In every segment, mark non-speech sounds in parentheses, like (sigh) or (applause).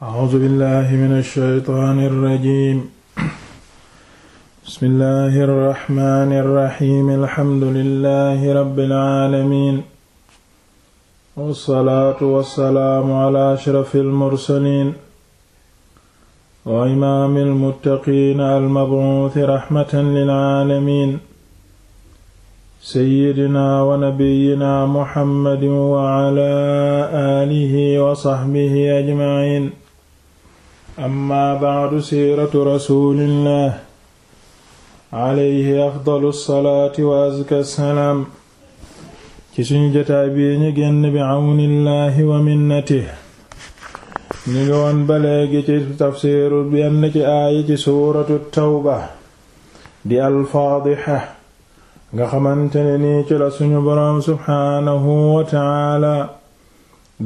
A'uuzu billaahi mina shaytaani rajiim. Bismillaahi rahmaani rahiim. Alhamdulillaahi rabbil aalamiin. Wassalaatu wassalaamu alaa ashrafil mursaliin. Wa imaamil muttaqiin al-mab'uusi rahmatan lil aalamiin. Sayyidinaa wa nabiyyinaa Muhammadin wa alaa aalihi wa sahbihi ajma'iin. amma ba'du siiratu rasulillah alayhi afdalu salaati wa azka ci suñu jotaay bi ñu génn bi awnillahi wa minnatihi ñu ngi woon ba ci tafsiiru benn ci aaya ci suuratu tawba di alfaadixa nga xamante ne nii ci la suñu boroom subhaanahu wa taala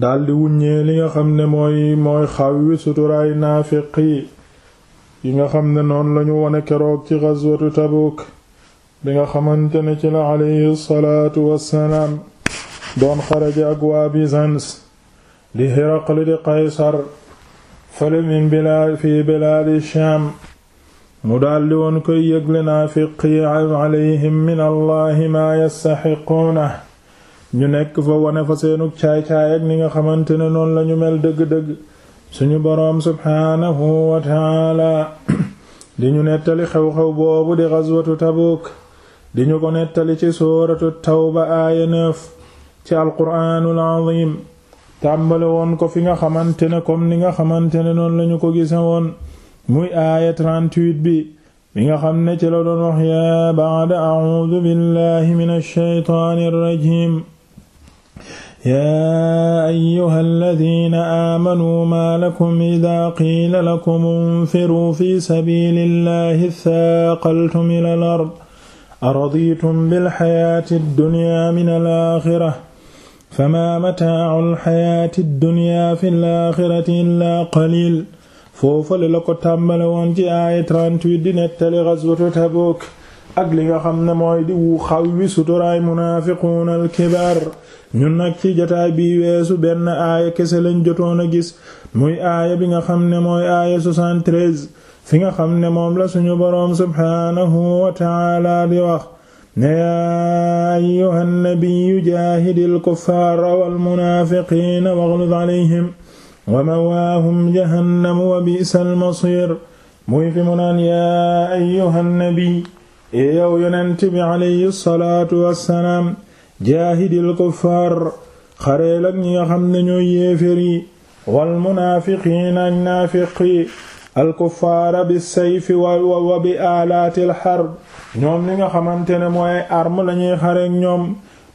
daldi wuññee li nga xam ne mooy mooy xawwi suturaay naafiq yi yi nga xam ne noonu lañu wone keroog ci ghazwatu Tabuk bi nga xamante ne ci la alayhi salaatu wassalaam doon xaraji ak waa Byzance di Hiraqli di Qaysar fale min bilaad fi bilaadi Shaam mu daldi woon koy yëgle naafiq yi alayhim min allahi maa yastaxiquuna ñu nekk fa wane fa seenug caay-caay ak ni nga xamante ne noonu lañu mel dëgg-dëgg suñu boroom subhaanahu wa taala (clears throat) di ñu nettali xew-xew boobu di ghazwatu Tabuk di ñu ko nettali ci suuratu tawba aaya 9 ci alquraanul azim tàmbale woon ko fi nga xamante ne comme ni nga xamante ne noonu lañu ko gise woon muy aaya 38 bi bi nga xam ne ci la doon wax yaa ba'da a'uudu billahi minash shaytaanir rajiim yaa ayyuha alladina aamanuu maa lakum ida qiila lakum unfiruu fi sabili illahi thaaqaltum ila al ard araditum bilxayaati dduniya min alaxira famaa mataacu lxayaati dduniya fi laaxirati illaa qaliil foofale la ko tàmbale woon ci aaya 38 di nettali gaswatu Tabuuk ak li nga xam ne mooy di wu xaw wi suturaay munaafiquuna alkibaar ñun nag ci jotaay bi weesu ben aaya kese lañ jotoon a gis muy aaya bi nga xam ne mooy aaya 73 fi nga xam ne moom la suñu borom subhaanahu wa ta'aala di wax ne yaa ayyuha nnabiyu jaahidil kuffaara wal munaafiqiina waghluz alayhim wa mawaahum jahannamu wa bi'sal masiir muy fi mu naan yaa ayyuha nnabiy e yow yonent bi alayhi salaatu wassalaam jaahidil kuffaar xareel ak ñi nga xam ne ñooy yéefér yi wal munaafiqiina ak naafiqi al kuffaara bi sayfi wa wa bi aalaatil harb ñoom li nga xamante ne mooy arme lañuy xare ak ñoom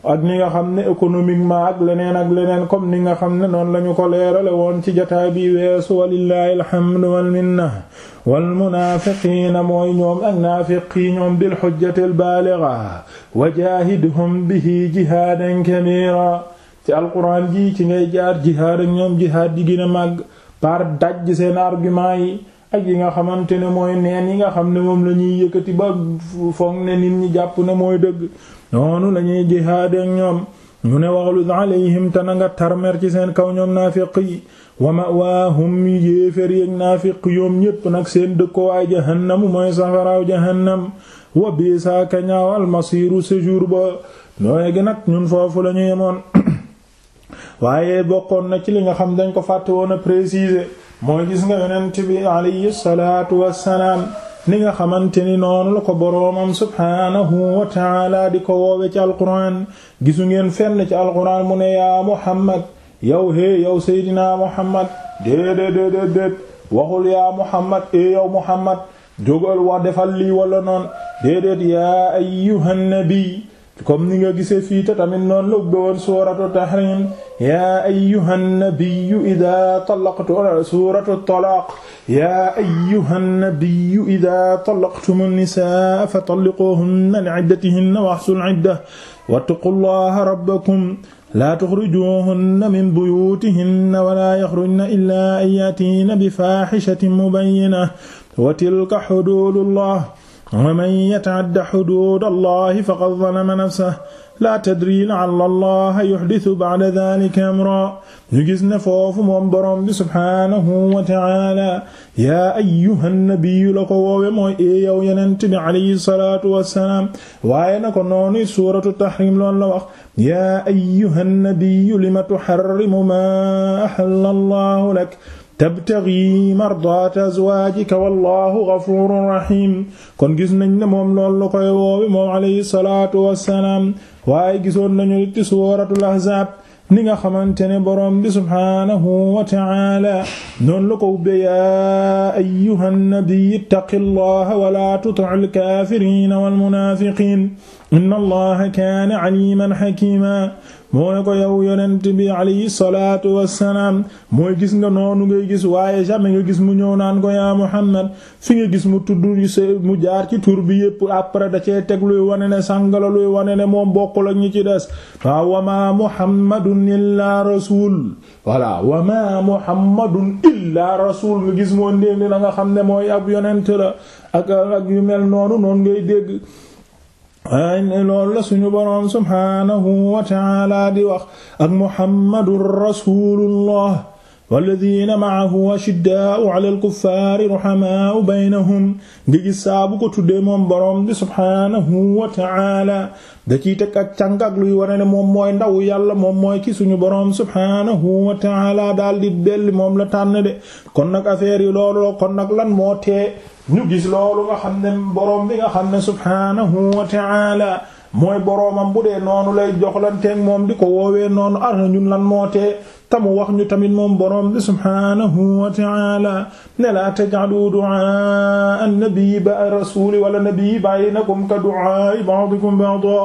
ak ni nga xam ne économiquement ak leneen ak leneen comme ni nga xam ne noonu lañu ñu ko leerale woon ci jataay bi weesu walillahi alhamdu wal minna wal munaafiqiina mooy ñoom ak naafiqi ñoom bil hujjatil baaligha wajaahidhum bihi jihaadan kabiira ci alquran ji ci ngay jaar jihaad ak ñoom jihaad ji gën a màgg par daj seen argument yi ak yi nga xamante ne mooy neen yi nga xam ne moom lañuy ñuy ba foog ne nit ñi jàpp ne mooy dëgg noonu lañuy ñuy jihaad ak ñoom mu ne waxlud alayhim te na nga tarmer ci seen kaw ñoom naafiq yi wa mawaahum yéefér yéeg naafiq ñépp nag seen dëkkowaay jahannamu mooy safaraaw jahannam wa biisaaka ñaaw almasiiru séjour ba nooyegi nag ñun foofu la ñu yemoon (coughs) waaye bokkoon na ci li nga xam dañ ko fàtte woon a préciser mooy gis nga yonent bi alayhi salaatu wassalaam ni nga xamante ni noonu la ko boroomam subhaanahu wa taala di ko woowe ci alquran gisu ngeen fenn ci alquran mu ne yaa muhammad yow hee yow seydinaa muhammad déedéet déedéet déet waxul yaa muhammad ee eh, yow muhammad jógal wax defal lii wala noon déedéet yaa ayyuhan nabi comme ni nga gisee fii te tamit noonu la ubbe woon suuratu tahrim yaa ayyuhan nabiyyu idaa talaqtu suuratu talaaq yaa ayyuhan nabiyyu idaa talaqtumu nisaa fa talliquuhunna li'iddatihinna wahsul 'idda wattaqullaha rabbakum laa tuxrijuuhunna min buyuutihinna walaa yaxrujna illaa an ya'tiina bi faahishatin mubayyinatin wa tilka huduudullah wa man yata'adda xuduuda allahi faqad zalama nafsahu laa tadri la'alla allaha yuhdisu ba'da dhalika amra ñu gis ne foofu moom boroom bi subhaanahu wa ta'ala yaa ayyuhan nabiyyu la ko woowe mooy ee yow yonent bi alayhi salaatu wassalaam waaye na ko noonu suuratu tahrim loon la wax yaa ayyuhan nabiyyu lima tuharrimu maa ahalla allahu lak tabtaxi mardaat azwaajika wallahu gafuurun raxiim kon gis nañ ne moom loolu la koy woowi moom alayhi salaatu wassalaam waaye gisoon nañu ci suuratul ahzaab ni nga xamante ne boroom bi subhaanahu wa ta'ala noonu la ko ubbee yaa ayyuha nnabiy ittaqi llaha wala tuti'il kaafiriina wal munaafiqiin inna allaha kaana aliiman hakiima moo ne ko yow yonent bi alayhi salaatu wassalaam mooy gis nga noonu ngay gis waaye jamais nga gis mu ñëw naan ko yaa Muhammad fi nga gis mu tudd mu jaar ci tur bi yépp après da cee teg luy wane ne sàngala luy wane ne moom bokkul ak ñu ci des waaw wamaa Muhammadun illaa rasul voilà wamaa Muhammadun illaa rasul nga gis moo ndéndi la nga xam ne mooy ab yonent la ak ak yu mel noonu noonu ngay dégg ay loolu la suñu boroom subhaanahu wa ta'aala di wax ak Muhammadur Rasuulullah walladina maahu ashiddaau ala alkuffaari ruhamaau baynahum nga gis saa bu ko tuddee moom boroom bi subhaanahu wa taala da ciy teg ak càng ak luy wane ne moom mooy ndaw yàlla moom mooy ki suñu boroom subhaanahu wa taala daal di belli moom la tànn de kon nag affaire yi loolu kon nag lan moo tee ñu gis loolu nga xam ne boroom bi nga xam ne subhaanahu wa taala mooy boroomam bu dee noonu lay joxlanteeg moom di ko woowee noonu ana ñun lan moo tee tamu wax ñu tamit moom boroom bi subhaanahu wa ta'ala ne laa taj'alu du'a an-nabiyyi ba rasuli wala nabiyyi baynakum ka du'a ba'dikum ba'da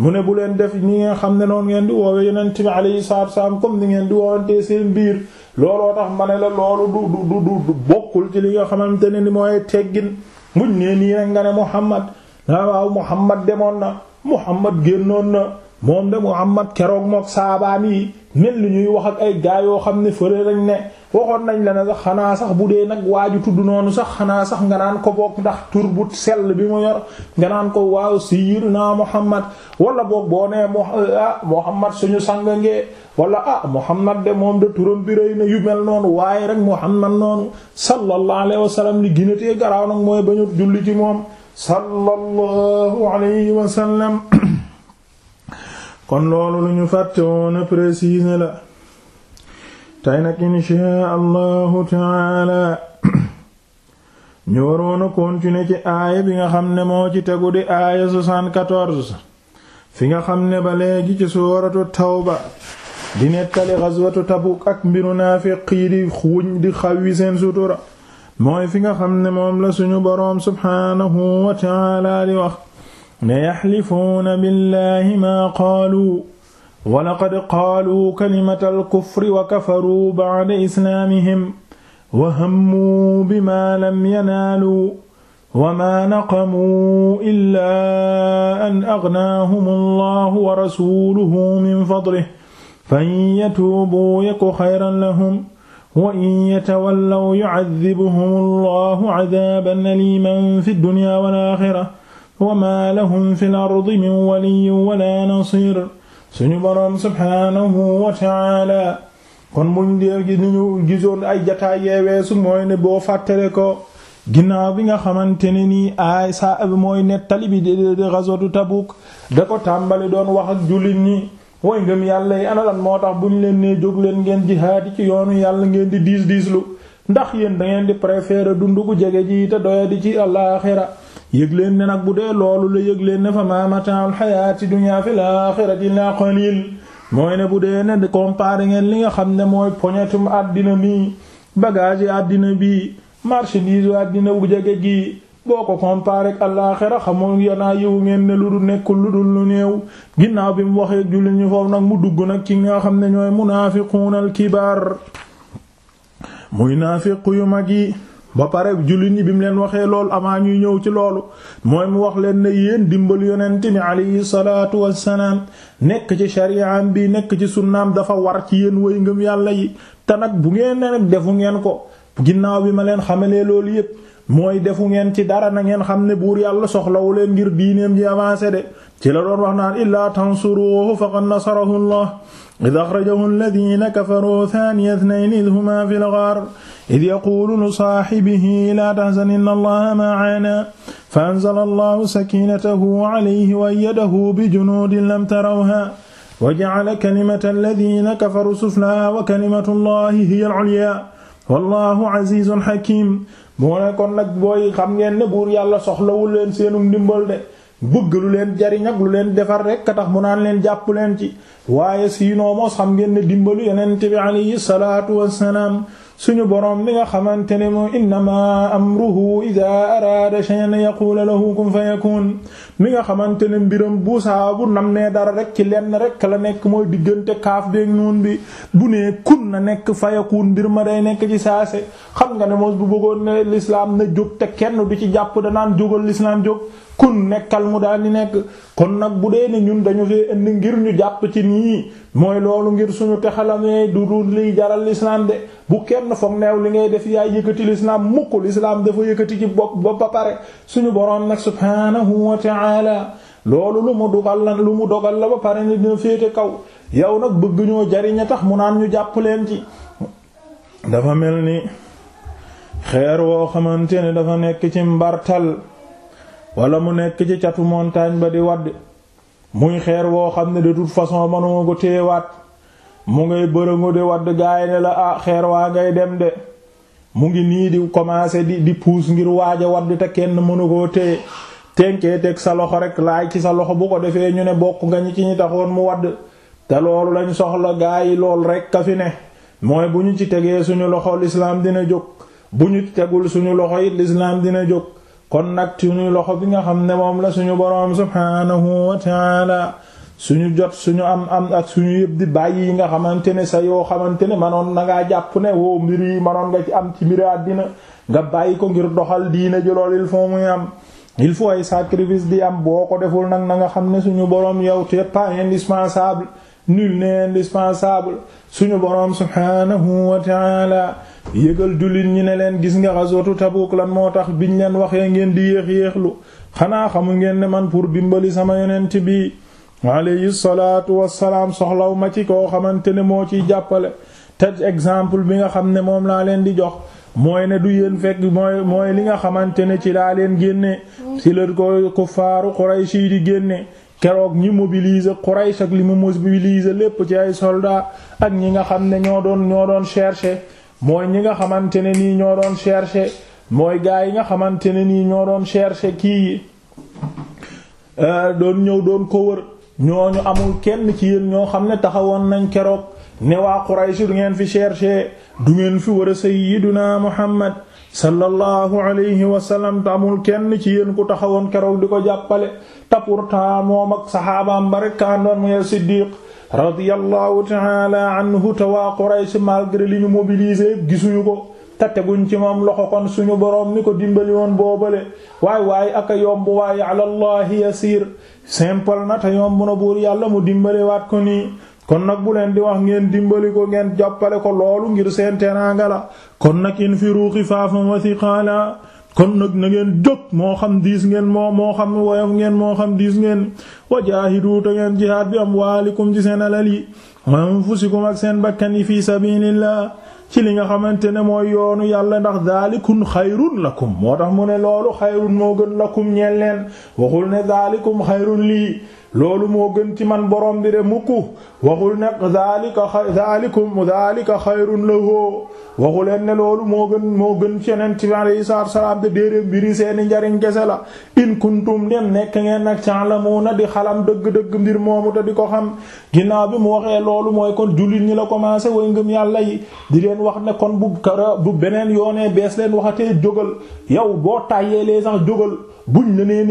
mu ne bu leen def ñi nga xam ne noonu ngeen di woowe yonent bi alayhi salaatu wassalaam comme ni ngeen di woowantee seen biir looloo tax ma ne la loolu du du bokkul ci li nga xamante ne ni mooy teggin mu nee nii rek nga ne Muhammad waaw waaw Muhammad demoon na Muhammad génnoon na moom de Muhammad keroog mook saabaam yi mel ni ñuy wax ak ay gaa yoo xam ne fëre lañ ne waxoon nañ la ne sax xanaa sax bu dee nag waaju tudd noonu sax xanaa sax nga naan ko boog ndax tur bu sell bi mu yor nga naan ko waaw sayyidina Muhammad wala boog boo nee ah Muhammad suñu sang ngee wala ah Muhammad de moom de turam bi rëy na yu mel noonu waaye rek Muhammad noonu sallallahu alayhi wa sallam li garaaw nag mooy bañu julli sallallahu alayhi wa sallam kon loolu lu ñu fàtte woon a la tey nag inshaa allahu taala ñu waroon a ci aaya bi nga xam ne moo ci tegu di aaya 74 fi nga xam ne ba léegi ci suuratu tawba di nettali xaswatu tabuk ak mbiru naafiq di xuñ di xawi seen sutura mooy fi nga xam ne moom la suñu boroom subhaanahu wa ta'aala di wax ne yaxlifuuna billaahi maa qaalu wa laqad qaalu kalimatal kufri wa kafaruu ba'da islaamihim wa hammuu bimaa lam yanaaluu wa maa naqamuu illaa an agnaahum allahu wa rasuuluhu min fadlihi fa in yatuubuu yaku xayran lahum wa in yatawallaw yu'adhibhum allahu adaaban aliman fi dunya wal aaxira wa maa lahum fil ardi min waliyyin wala nasiir suñu boroom subhaanahu wa ta'aala kon muñ dee gi ñu gisoon ay jataay yeeweesu su ne boo fàttale ko ginnaaw bi nga xamante ne nii aay saa mooy nettali bi di ghazwatu Tabuk da ko tàmbali doon wax ak way ngem yàlla yi analan moo tax bu ñu leen nee jóg leen ngeen jihaad yi ci yoonu yàlla ngeen di diis diislu ndax yéen dangeen di préférer dund gu jege ji te doya di ci alaaxira yëg leen ne nag bu dee loolu la yëg leen ne fa ma mata'ul hayaati dunya fil aaxirati illaa qaliil mooy ne bu dee ne comparé ngeen li nga xam ne mooy poñetum àddina bi bagage yi àddina bi marchandise àddina bu jege ji boo ko comparé ak àllaaxira xamoo yanaa yiw ngeen ne lu du nekkul lu dul lu néew ginnaaw bi mu waxee jullit ñu foofu nag mu dugg nag ki nga xam ne ñooy munaafiquuna alkibaar muy naafiq yu mag yi ba pare jullit ñi bi mu leen waxee lool amaa ñuy ñëw ci loolu mooy mu wax leen ne yéen dimbal yonent mi alayhi wassalaam nekk ci shari'am bi nekk ci sunnaam dafa war ci yéen way ngëm yàlla yi te nag bu ngeen ne nag defu ngeen ko ginnaaw bi ma leen mooy defu ngeen ci dara na ngeen xam ne buur yàlla soxlawu leen ngir diineem ji avancé de ci la doon wax naan illaa tansuruhu faqad nasarahu allah id axrajahu alladina kafaru thaniya ithnayni id huma fi lgaar id yaquulu li saaxibihi laa tahzan inna allaha maana fa anzala allahu sakinatahu alayhi wa ayyadahu bi junuudin lam tarawha wa ja'ala kalimata alladina kafaru suflaa wa kalimatu allahi hiya al-ulyaa wallahu azizun hakim moo ne kon nag booy xam ngeen ne buur yàlla soxlawul leen seenu ndimbal de bëgg lu leen jariñ ak lu leen defar rekk a tax mu naan leen jàpp leen ci waaye siinoo mos xam ngeen ne dimbalu yeneen bi alayhi salaatu wassalaam suñu boroom mi nga xamante ne moo innama amruhu ida araada shay'an yaqulu lahu ko fayakun mi nga xamante ne mbiram bu saabu nam nee dara rek ci lenn rek la nekk mooy diggante kaaf beeg noon bi bu nee kun na nekk fayakun mbir ma day nekk ci saase xam nga ne moos bu bëggoon ne lislaam na jóg te kenn du ci jàpp danaan jógal lislaam jóg kun nekkal mu daal di nekk kon nag bu dee ne ñun dañu fee ngir ñu jàpp ci nii mooy loolu ngir suñu texalamee du du liy jaral l'islam de bu kenn foog neew li ngay def yaay yëkkati l'islam mukk l'islam dafa yëkkati ci bopp ba ba pare suñu boroom nag subhanahu wa ta'ala loolu lu mu dugal la lu mu dogal la ba pare ni dina féete kaw yow nag bëgg ñoo jariña tax mu naan ñu jàpp leen ci dafa mel ni xeer woo xamante ne dafa nekk ci mbartal wala mu nekk ci catu montagne ba di wadd muy xeer woo xam ne de toute façon manuma ko téye waat mu ngay bërëngu di wadd gaay ne la ah xeer waa ngay dem de mu ngi nii di commencer di di puus ngir waaj a wadd te kenn mënu koo téye tenkee teg sa loxo rek laaj ci sa loxo bu ko defee ñu ne bokk nga ñi ci ñi taxoon mu wadd te loolu lañ soxla gaa yi lool rek ka fi ne mooy bu ñu ci tegee suñu loxo lislaam dina jóg bu ñu tegul suñu loxo it lislaam dina jóg kon nag suñu loxo bi nga xam ne moom la suñu boroom subhaanahu wa taala suñu jot suñu am am ak suñu yëpp di bàyyi yi nga xamante ne sa yoo xamante ne manoon na ngaa jàpp ne woo mbir yi manoon nga ci am ci mbiri àddina nga bàyyi ko ngir doxal diina ji lool il faut muy am il faut ay sacrifice di am boo ko deful nag na nga xam ne suñu boroom yow te pas indispensable nul n'est indispensable suñu boroom subhaanahu wa ta'ala yëgal jullit ñi ne leen gis nga ghazwatu Tabuk lan moo tax biñ leen waxee ngeen di yéex yéexlu xanaa xamu ngeen ne man pour dimbali sama yonent bi alayhi salaatu wassalaam soxlaw ma ci koo xamante ne moo ciy jàppale te exemple bi nga xam ne moom laa leen di jox mooy ne du yéen fekk mooy li nga xamante ne ci laa leen génne ci la ko kuffaaru si di génnee keroog ñi mobiliser Quraysh ak li mu mobiliser lépp ci ay soldats ak ñi nga xam ne ñoo doon ñoo doon chercher mooy ñi nga xamante ne nii ñoo doon chercher mooy gaa yi nga xamante ne nii ñoo doon chercher kii yi euh, doon ñëw doon ko wër ñooñu amul kenn ci yéen ñoo xam ne taxawoon nañ keroog ne waa Quraysh du ngeen fi chercher du ngeen fi war a sayyiduna Muhammad sallallahu alayhi wa sallam te kenn ci yéen ku taxawoon keroog di ko jàppale te pourtant moom ak saxaabaam ba rekk àndoon muy Siddiq radiyallahu ta'ala anhu te waa Quraysh li ñu mobiliser gisuñu ko te teguñ ci moom loxo kon suñu borom ni ko dimbali woon boobale waay waay aka yomb waaye alallahi yasiir simple na te yomb na buur yàlla mu dimbali waat ko nii kon nag bu leen di wax ngeen dimbali ko ngeen jàppale ko loolu ngir seen teraanga la kon nag infiru xifaafan wa siqaala kon nag na ngeen jóg moo xam diis ngeen moo moo xam woyof ngeen moo xam diis ngeen wa jaahidu te ngeen jihaad bi amwaalikum ci seen alal yi wa anfusikum ak seen bakkan yi fii sabilillah ci li nga xamante ne mooy yoonu yàlla ndax daalikum xayrun lakum moo tax mu ne loolu xayrun moo gën lakum ñeel leen waxul ne daalikum xayrun lii loolu moo gën ci man borom bi de mukk waxul nekk zaalika zaalikum zaalika xayrun lahu waxuleen ne loolu moo gën moo gën ci yeneen ci alayhi salaatu salaam de déedéet mbiri seeni njariñ kese la in kuntum dem nekk ngeen la nag na di xalam dëgg-dëgg mbir moomu te di ko xam ginnaaw bi mu waxee loolu mooy kon jullit ñi la commencé way ngëm yàlla yi di leen wax ne kon bu kara bu beneen yoonee bees leen waxatee jógal yow boo tàyyee lee sax jógal buñ la nee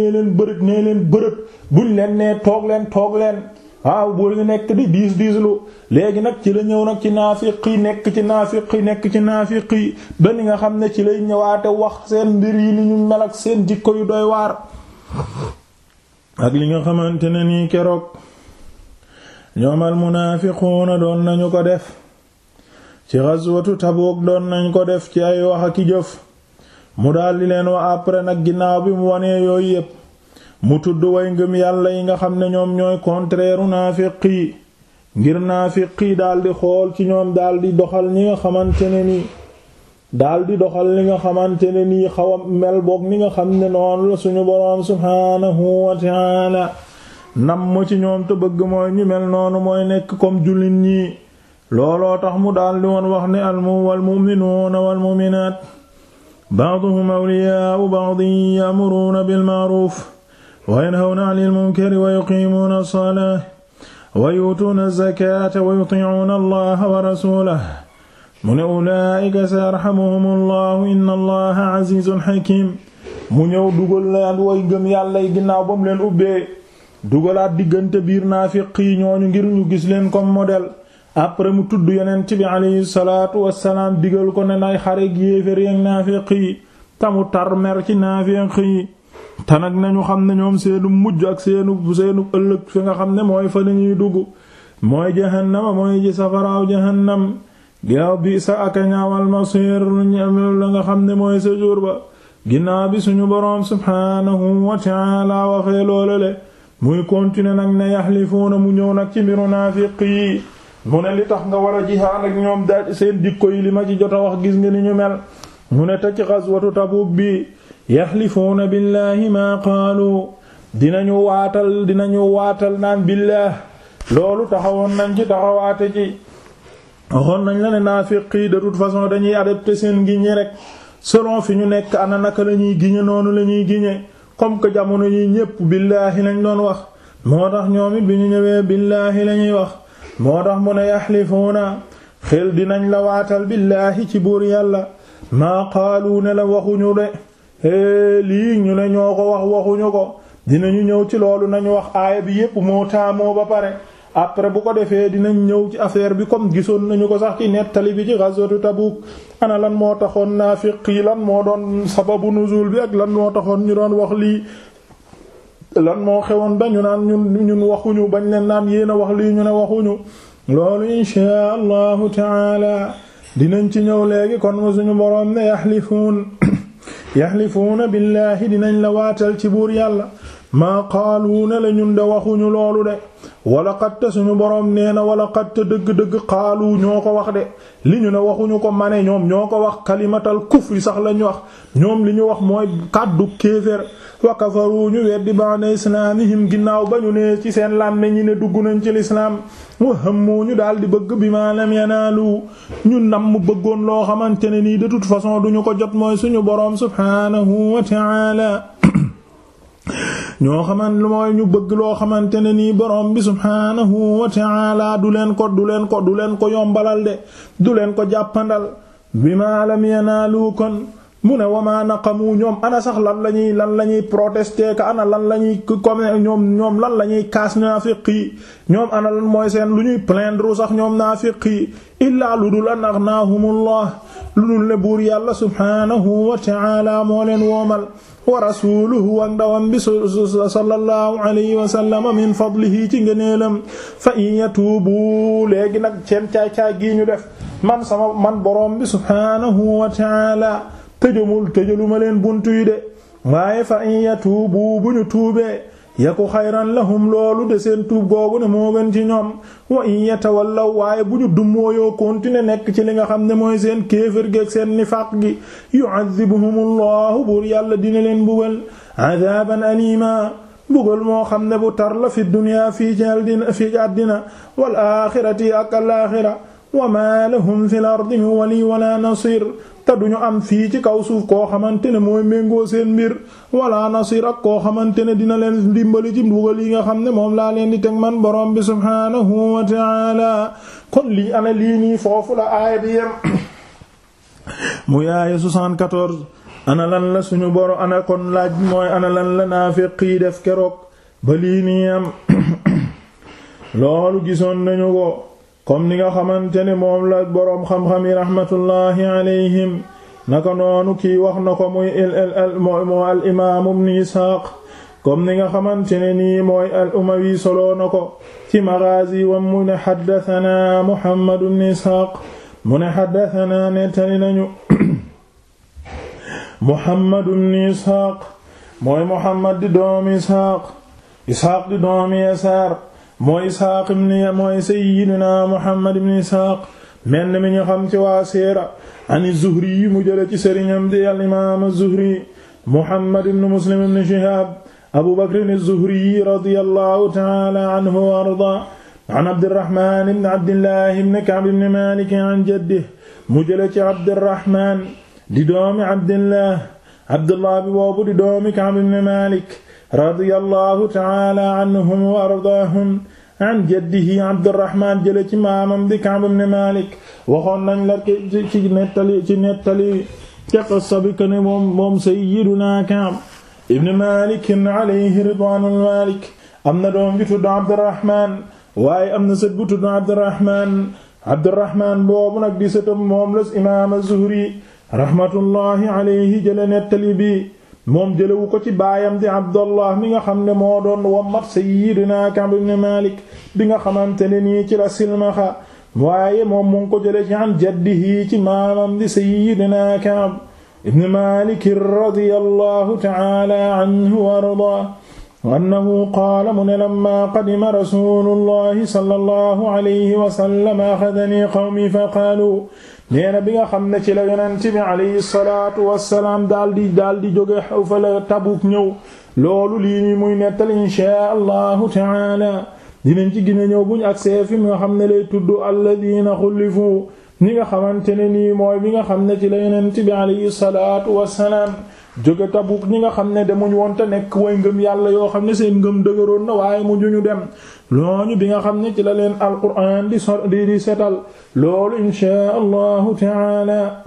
nee toog leen toog leen waaw bu ñu nekk di diis diislu léegi nag ci la ñëw nag ci naafiq yi nekk ci naafiq yi nekk ci naafiq yi ba ni nga xam ne ci lay ñëwaate wax seen mbir yi ni ñu mel ak seen jikko yu doy waar ak li nga xamante ne nii keroog ñoomal munaafiquuna doon nañu ko def ci ghazwatu Tabuk doon nañ ko def ci ay wax ak i jëf mu daldi leen wa après nag ginnaaw bi mu wanee yooyu yépp mu tudd way ngëm yàlla yi nga xam ne ñoom ñooy contraire naafiq yi ngir naafiq yi daldi xool ci ñoom daldi doxal ñi nga xamante ne nii daldi doxal li nga xamante ne nii xaw a mel boog ni nga xam ne noonu la suñu boroom subhaanahu wa ta'ala nam ci ñoom te bëgg mooy ñu mel noonu mooy nekk comme jullit ñi looloo tax mu daldi woon wax ne almu wal mu'minuuna wal mu'minaat ba'duhum awliyaa'u ba'din ya'muruuna bil ma'ruuf wa yanhawna anil munkari wa yuqiimuuna as-salaata wa yu'tuuna az-zakaata wa yutii'uuna allaha wa rasuulahu mu ne ulaa'ika sayarhamuhumu llahu inna allaha aziizun hakiim mu ñëw dugal leen way gëm yàlla yi ginnaaw ba mu leen ubbee dugalaat diggante biir naafiq yi ñooñu ngir ñu gis leen comme modèle après mu tudd yonent bi alayhi salaatu wassalaam digal ko ne nay xare ak yéefar yi ak naafiq yi tamu tar mer ci naafiq yi te nag nañu xam ne ñoom seenu mujj ak seenu seenu ëllëg fi nga xam ne mooy fa lañuy dugg mooy jahannama mooy ji safaraaw jahannam ginnaaw bi sa aka ñaawal masir la nga xam ne mooy séjour ba ginnaaw bi suñu boroom subhaanahu wa ta'ala waxee loolu le muy continuer nag ne yaxlifuuna mu ñëw nag ci mbiru naafiq yi mu ne li tax nga war a jihaad ak ñoom daaj seen dikko yi li ma ci jot a wax gis nga ni ñu mel mu ne te ci xaswatu Tabuk bi yaxlifuuna billaahi maa qaalu dinañu waatal dinañu waatal naan billaah loolu taxawoon nañ ci taxawaate ci waxoon nañ la ne naafiqi de toute façon dañuy adapté seen giñe rek selon fi ñu nekk ana naka lañuy ñuy giñe noonu la ñuy giñe comme que jamono yi ñépp billaahi lañ doon wax moo tax ñoom bi ñu ñëwee billaahi la ñuy wax moo tax mu ne yaxlifuuna xel dinañ la waatal billaahi ci buur yàlla maa qaalu ne la waxuñu de lii ñu ne ñoo ko wax waxuñu ko dina ñu ñëw ci loolu nañu wax aaya bi yépp moo taamoo ba pare après bu ko defee dinañ ñëw ci affaire bi comme gisoon nañu ko sax ci nettali bi ci ghazwatu Tabuk ana lan moo taxoon naafiq yi lan moo doon sababu nuzul bi ak lan moo taxoon ñu doon wax lii lan moo xewoon dañu naan ñun ñun waxuñu bañ leen naan yéen a wax lii ñu ne waxuñu loolu inshaa allahu taala dinañ ci ñëw léegi kon mu suñu boroom ne yaxlifuun yaxlifuuna billaahi dinañ la waatal ci buur yàlla maa qaalu ne la ñun de waxuñu loolu de walla xat te suñu boroom nee na wala xat te dëgg-dëgg xaalu ñoo ko wax de li ñu ne waxuñu ko mane ñoom ñoo ko wax kalimatal kufri sax la ñu wax ñoom li ñu wax mooy kàddu kéefér wa kafaru ñu weddi ba'da islaamihim ginnaaw ba ñu ne ci seen làmme ñi ne dugg nañ ci lislaam wa hammu ñu daal di bëgg bi ma lam yanaalu ñu namm bëggoon loo xamante ne nii de toute façon duñu ko jot mooy suñu boroom subhaanahu wa ñoo xamante mooy ñu bëgg loo xamante ne nii borom bi subhaanahu wa ta'ala du leen ko du leen ko du leen ko yombalal de du leen ko jàppandal bi ma lam yanaalu kon mu ne wamaa naqamu ñoom ana sax lan la ñuy lan la ñuy protester ka ana lan lañuy ñuy comme ñoom ñoom lan la ñuy kaas naafiq yi ñoom ana lan mooy seen lu ñuy plaindre sax ñoom naafiq yi illaa lu dul an aghnahumullah lu dul ne buur yàlla subhaanahu wa ta'ala moo leen woomal wa rasuluhu ak ndawam bi sallallahu alayhi wa sallam min fadlihi ci ngëneelam fa in yatuubu léegi nag seen caay-caay gii ñu def man sama man boroom bi subhaanahu wa ta'ala tëjamul tëjalu ma leen buntu yi de waaye fa in yatuubu bu ñu tuubee yaku xayran lahum loolu de seen tuub googu ne moo gën ci ñoom wa in yatawallaw waaye bu ñu dummóoyoo continuer nekk ci li nga xam ne mooy seen kéefër gi ak seen nifaq gi yu'adhibuhumullahu buur yàlla dina leen bugal adaban alima bugal moo xam ne bu tar la fi dunya fii ci àddina fii ci àddina wal axirati ak al axira wa ma lahum fil ardi min wali wala nasir te duñu am fii ci kaw suuf koo xamante ne mooy méngoo seen mbir wala nasir ak koo xamante ne dina leen dimbali ci mbugal yi nga xam ne moom laa leen di teg man borom bi subhaanahu wa ta'ala kon lii ana lii foofu la aaya bi yem (coughs) mu lan la suñu boro ana kon laaj mooy ana lan la naafiq yi def keroog ba lii nii am (coughs) loolu gisoon nañu ko comme ni nga xamante ne moom la boroom xam-xam yi rahmatullahi alayhim naka noonu kii wax na ko muy moo al imaamu ibn Isxaaq comme ni nga xamante ne nii mooy al umawi soloo na ko ci magaazi wa mu ne xaddatanaa Muhammad ibn mu ne xaddatanaa nettali nañu (coughs) Muhammad ibn Isxaaq mooy Muhammad di doomi Isxaaq Isxaaq di doomi Yasaar mooy Isxaaq ibn mooy sayyidina Muhammad ibn Isxaaq menn mi ñu xam ci waa siira ani Zuhri yi mu jële ci sëriñam di al imaam Zuhri Muhammad ibn Muslim ibn Shihaab Abu Bakr az-Zuhri radiyallahu ta'ala anhu wa ardaa an Abdirrahmaan ibn Abdillah ibn Ka'b ibn Maalik an jaddihi mu jële ci Abdirrahmaan di doomi Abdillah Abdullah bi boobu di doomi Ka'b ibn Maalik radiyallahu taala anhum wa ardaahum an jaddihi Abdurrahman jële ci maamam di Ka'b ibn Malik waxoon nañ la ci nettali ci nettali ca qissa bi ne moom moom sayyiduna Ka'b ibn Malik alayhi ridwaanul Malik am na doom ju tudd Abdurrahman waaye am na sët bu tudd Abdurrahman Abdurrahman boobu nag di sëtam moom la imaam az-Zuhri rahmatullahi alayhi jële nettali bi moom jëlewu ko ci baayam di abdallah mi nga xam ne moo doon wommat sayyidina Ka'b ibn Malik bi nga xamante ne nii ci la silmaxa waaye moom mu ngi ko jële ci an jaddihi ci maamam di sayyidina Ka'b ibn Malik radiyallahu ta'ala anhu wa ardaa annahu qaala mu ne lamma qadima rasulullahi sallallahu alayhi wa sallam axadani qawmi fa qaalu nee na bi nga xam ne ci la yonent bi alayhi salaatu wassalaam daal di daal di jóge fa la Tabuk ñëw loolu lii nii muy nettali inshaa allahu taala dinañ ci gën a ñëw ak seefi mi nga xam ne lay tudd alladina xullifu ñi nga xamante ne ni mooy bi nga xam ne ci la yonent bi alayhi salaatu wassalaam jóge Tabuk ñi nga xam ne demuñ woon te nekk way ngëm yàlla yoo xam ne seen ngëm dëgëroon na waaye mu ñu dem looñu bi nga xam ne ci la leen alquran di so di di setal loolu inshaa allahu taala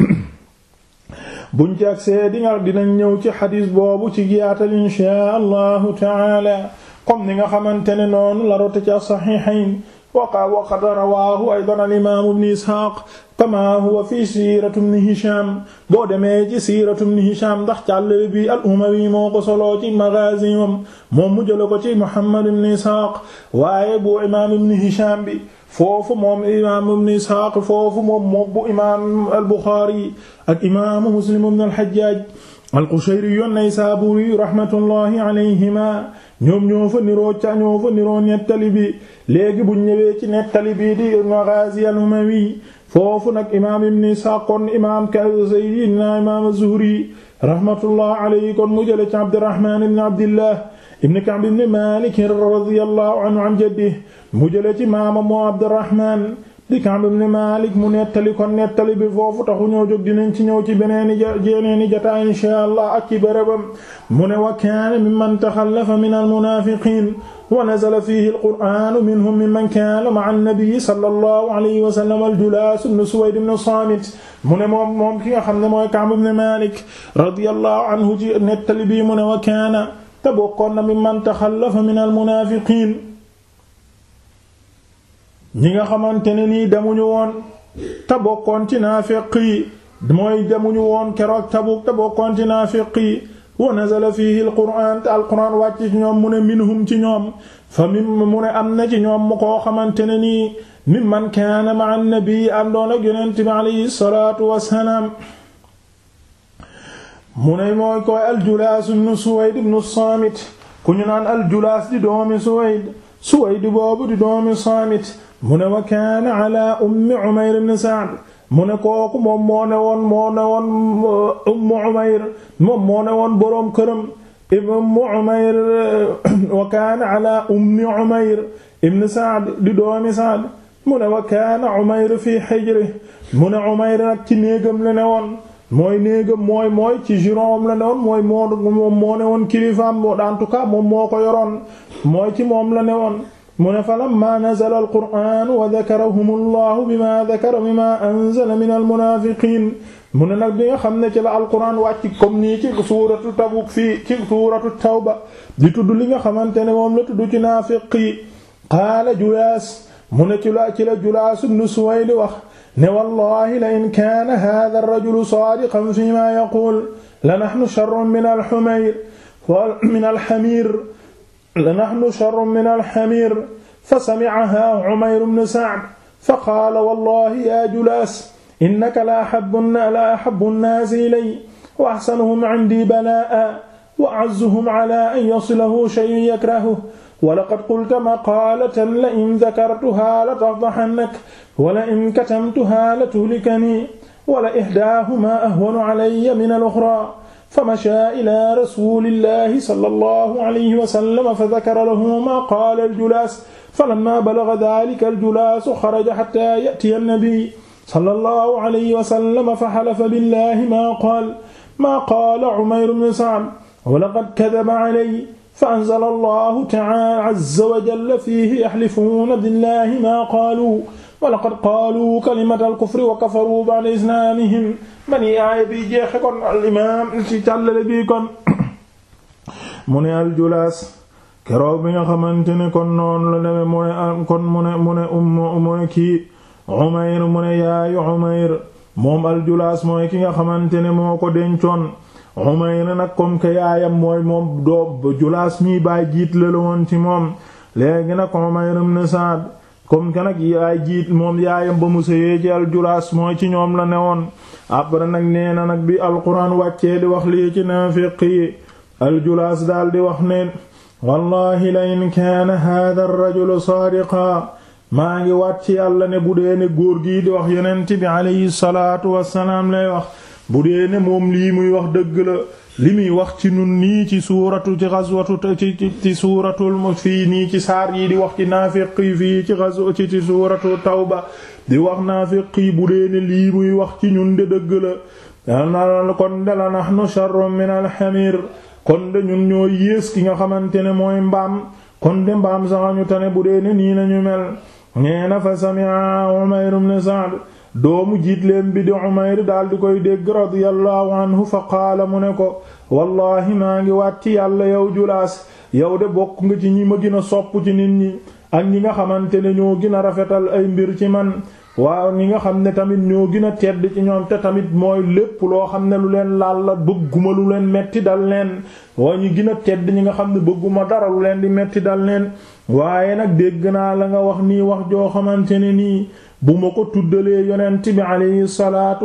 (coughs) buñ ci agsee di nga dinañ ñëw ci xadiis boobu ci giyaatal inshaa allahu taala comme ni nga xamante ne noonu la rote ci as-saxiixayn waqad rawaahu aydan al-imaam ibn Ishaaq kamaa huwa fi siirati ibn Hishaam boo demee ci siirati ibn Hishaam ndax càll bi al-Umawi moo ko soloo ci Maghaazi moom moom mu jële ko ci Muhammad ibn Ishaaq waaye bu imaam ibn Hishaam bi foofu moom imaam ibn Ishaaq foofu moom moom bu imaam al-Buxaari ak imaamu Muslim ibn al-Hajjaaj al-Qushayri yoon Naysaburi rahmatullahi alayhima ñoom ñoo fa niroo ca ñoo fa niroo nettali bi léegi bu ñëwee ci nettali bi di Maghazi al-Umawi foofu nag imaam Ibn Isaaq kon imaam Sayyidina imaam Zuhri rahmatullahi alayhi kon mu jële ci Abdurrahman ibn Abdillah ibn Ka'b ibn Malik radiyallahu anhu an jaddihi mu jële ci maama moo Abdurrahman di Ka'b ibn Malik mu nettali kon nettali bi foofu taxu ñoo jóg dinañ ci ñëw ci beneen jeneeni jata inshaa Allah ak ci bérébam mu ne wa kaana mimman taxallafa min al-munaafiqiin wa nazala fiihi al-qur'aanu minhum mimman kaana ma'a an-nabiyyi sallallahu alayhi wa sallam al-Julaas ibn Suwayd ibn Saamit mu ne moom moom ki nga xam ne mooy Ka'b ibn Malik radiyallahu anhu ci nettali bi mu ne wa kaana te bokkoon na mimman taxallafa min al-munaafiqiin ñi nga xamante ne nii demuñu woon te bokkoon ci naafiq yi mooy demuñu woon keroog Tabuk bokkoon ci naafiq yi wa nazala alquraan te ci ñoom mu minhum ci ñoom fa mim am na ci ñoom mu koo xamante ne nii mim man kaana ma'a an-nabi àndoon ak yonent salaatu wassalaam mu mooy koy aljulaas ibnu suwayd ibnu saamit ku ñu naan aljulaas di doomi suwayd suwayd boobu saamit mu ne wa kaana ala ummi umayr ibn sa'd mu ne kooku moom moo ne woon moo ne woon uh, ummu umayr moom moo ne woon boroom këram ummu umayr uh, (coughs) wa kaana ala ummi umayr ibn sa'd di doomi sa'd mu ne wa kaana umayr fii hijri mu ne umayr nag ci néegam la ne woon mooy néegam mooy mooy ci giron la ne woon mooy moo moom moo ne woon kilifaam en tout cas moom moo ko yoroon mooy ci moom la ne woon mu ne falamma nazala alqur'aan wa dakarahum allahu bima dakara bima anzala min almunaafiqiin mu ne nag bi nga xam ne ci la alqur'aan wàcc comme nii ci suuratu Tabuk fii ci suuratu Tawba di tudd li nga xamante ne moom la tudd ci naafiq yi qaala Julaas mu ne ci la ci la Julaas ibn Suwayd wax ne wallahi la in kaana haadha ar-rajulu saadiqan fiimaa yaquulu lanahnu sharrun min al-humayr min al-hamiir la nahnu sharrun min alxamir fa samicaha umayr bnu sacd fa qaala wallahi ya julaas innaka la ahabbu nnaasi ilay wa axsanuhum cindi balaa wa acazzuhum ala an yasilahu shay'un yakrahuhu wa laqad qulta maqaalatan la in dakartuhaa la tafdaxannak wa la in katamtuhaa la tuhlikanii wa la ixdaahumaa ahwanu calayya min al-uxraa fa masha ila rasulillahi sallallahu alayhi wa sallam fa dhakara lahu ma qaala al-julaas falamma balagha dhaalika al-julaas kharaja hattaa ya'tiya an-nabiy sallallahu alayhi wa sallam fa halafa billahi ma qaala ma qaala Umayr ibn Sa'd wa laqad kadhaba alayya fa anzala Allahu ta'aala 'azza wa jalla fiihi yahlifuuna billahi ma qaaluu wa laqad qaalu kalimatal kufri wa kafaru ba'da islaamihim man yaay bi jeexe kon al imaam ci càllale bi kon (coughs) mu al julaas keroog bi nga xamante ne kon noonu la demee mu kon mu ne mu ne um moom al julaas mooy ki nga xamante moo ko dencoon Umayr nag comme que yaayam mooy moom doob julaas mii baay la la woon ci moom léegi nag Umayr ibn Saad comme que nag yaay jiit moom yaayam ba mu sëyee ci aljulaas mooy ci ñoom la newoon après nag nee na nag bi alquran wàccee di wax lii ci naafiq yi aljulaas daal di wax ne wallahi la in kaana hada arrajulu saadiqa maa ngi wàt ci yàlla ne bu dee ne góor gii di wax yeneen bi aleyhi salaatu wassalaam lay wax bu dee ne moom lii muy wax dëgg la li muy wax ci nun nii ci suuratu ci ghazwatu ci ci suuratul fii nii ci saar yi di wax ci naafiq yi fii ci ghazwa ci ci suuratu tawba di wax naafiq yi bu dee ne lii muy wax ci ñun de dëgg la danal kon de la nahnu sharrun min alhamir kon de ñun ñoo yées ki nga xamante ne mooy mbaam kon de mbaam sax ñu tane bu dee ne nii nañu mel ñeena fa sami'a Umayr ibn Sa'd doomu jiitleem bi di Umayr daal di koy dégg radiyallahu anhu fa qaala mu ne ko wallaahi maa ngi waat ci yàlla yow Julaas yow de bokk nga ci ñi ma gën a sopp ci nit ñi ak ñi nga xamante ne ñoo gën a rafetal ay mbir ci man waaw ñi nga xam ne tamit ñoo gën a tedd ci ñoom te tamit mooy lépp loo xam ne lu leen laal la bëgguma lu leen metti dal leen waa ñi gina a tedd ñi nga xam ne bëgguma dara lu leen di metti dal leen waaye nag dégg naa la nga wax nii wax joo xamante ne nii bu ma ko tuddalee yonent bi alayhi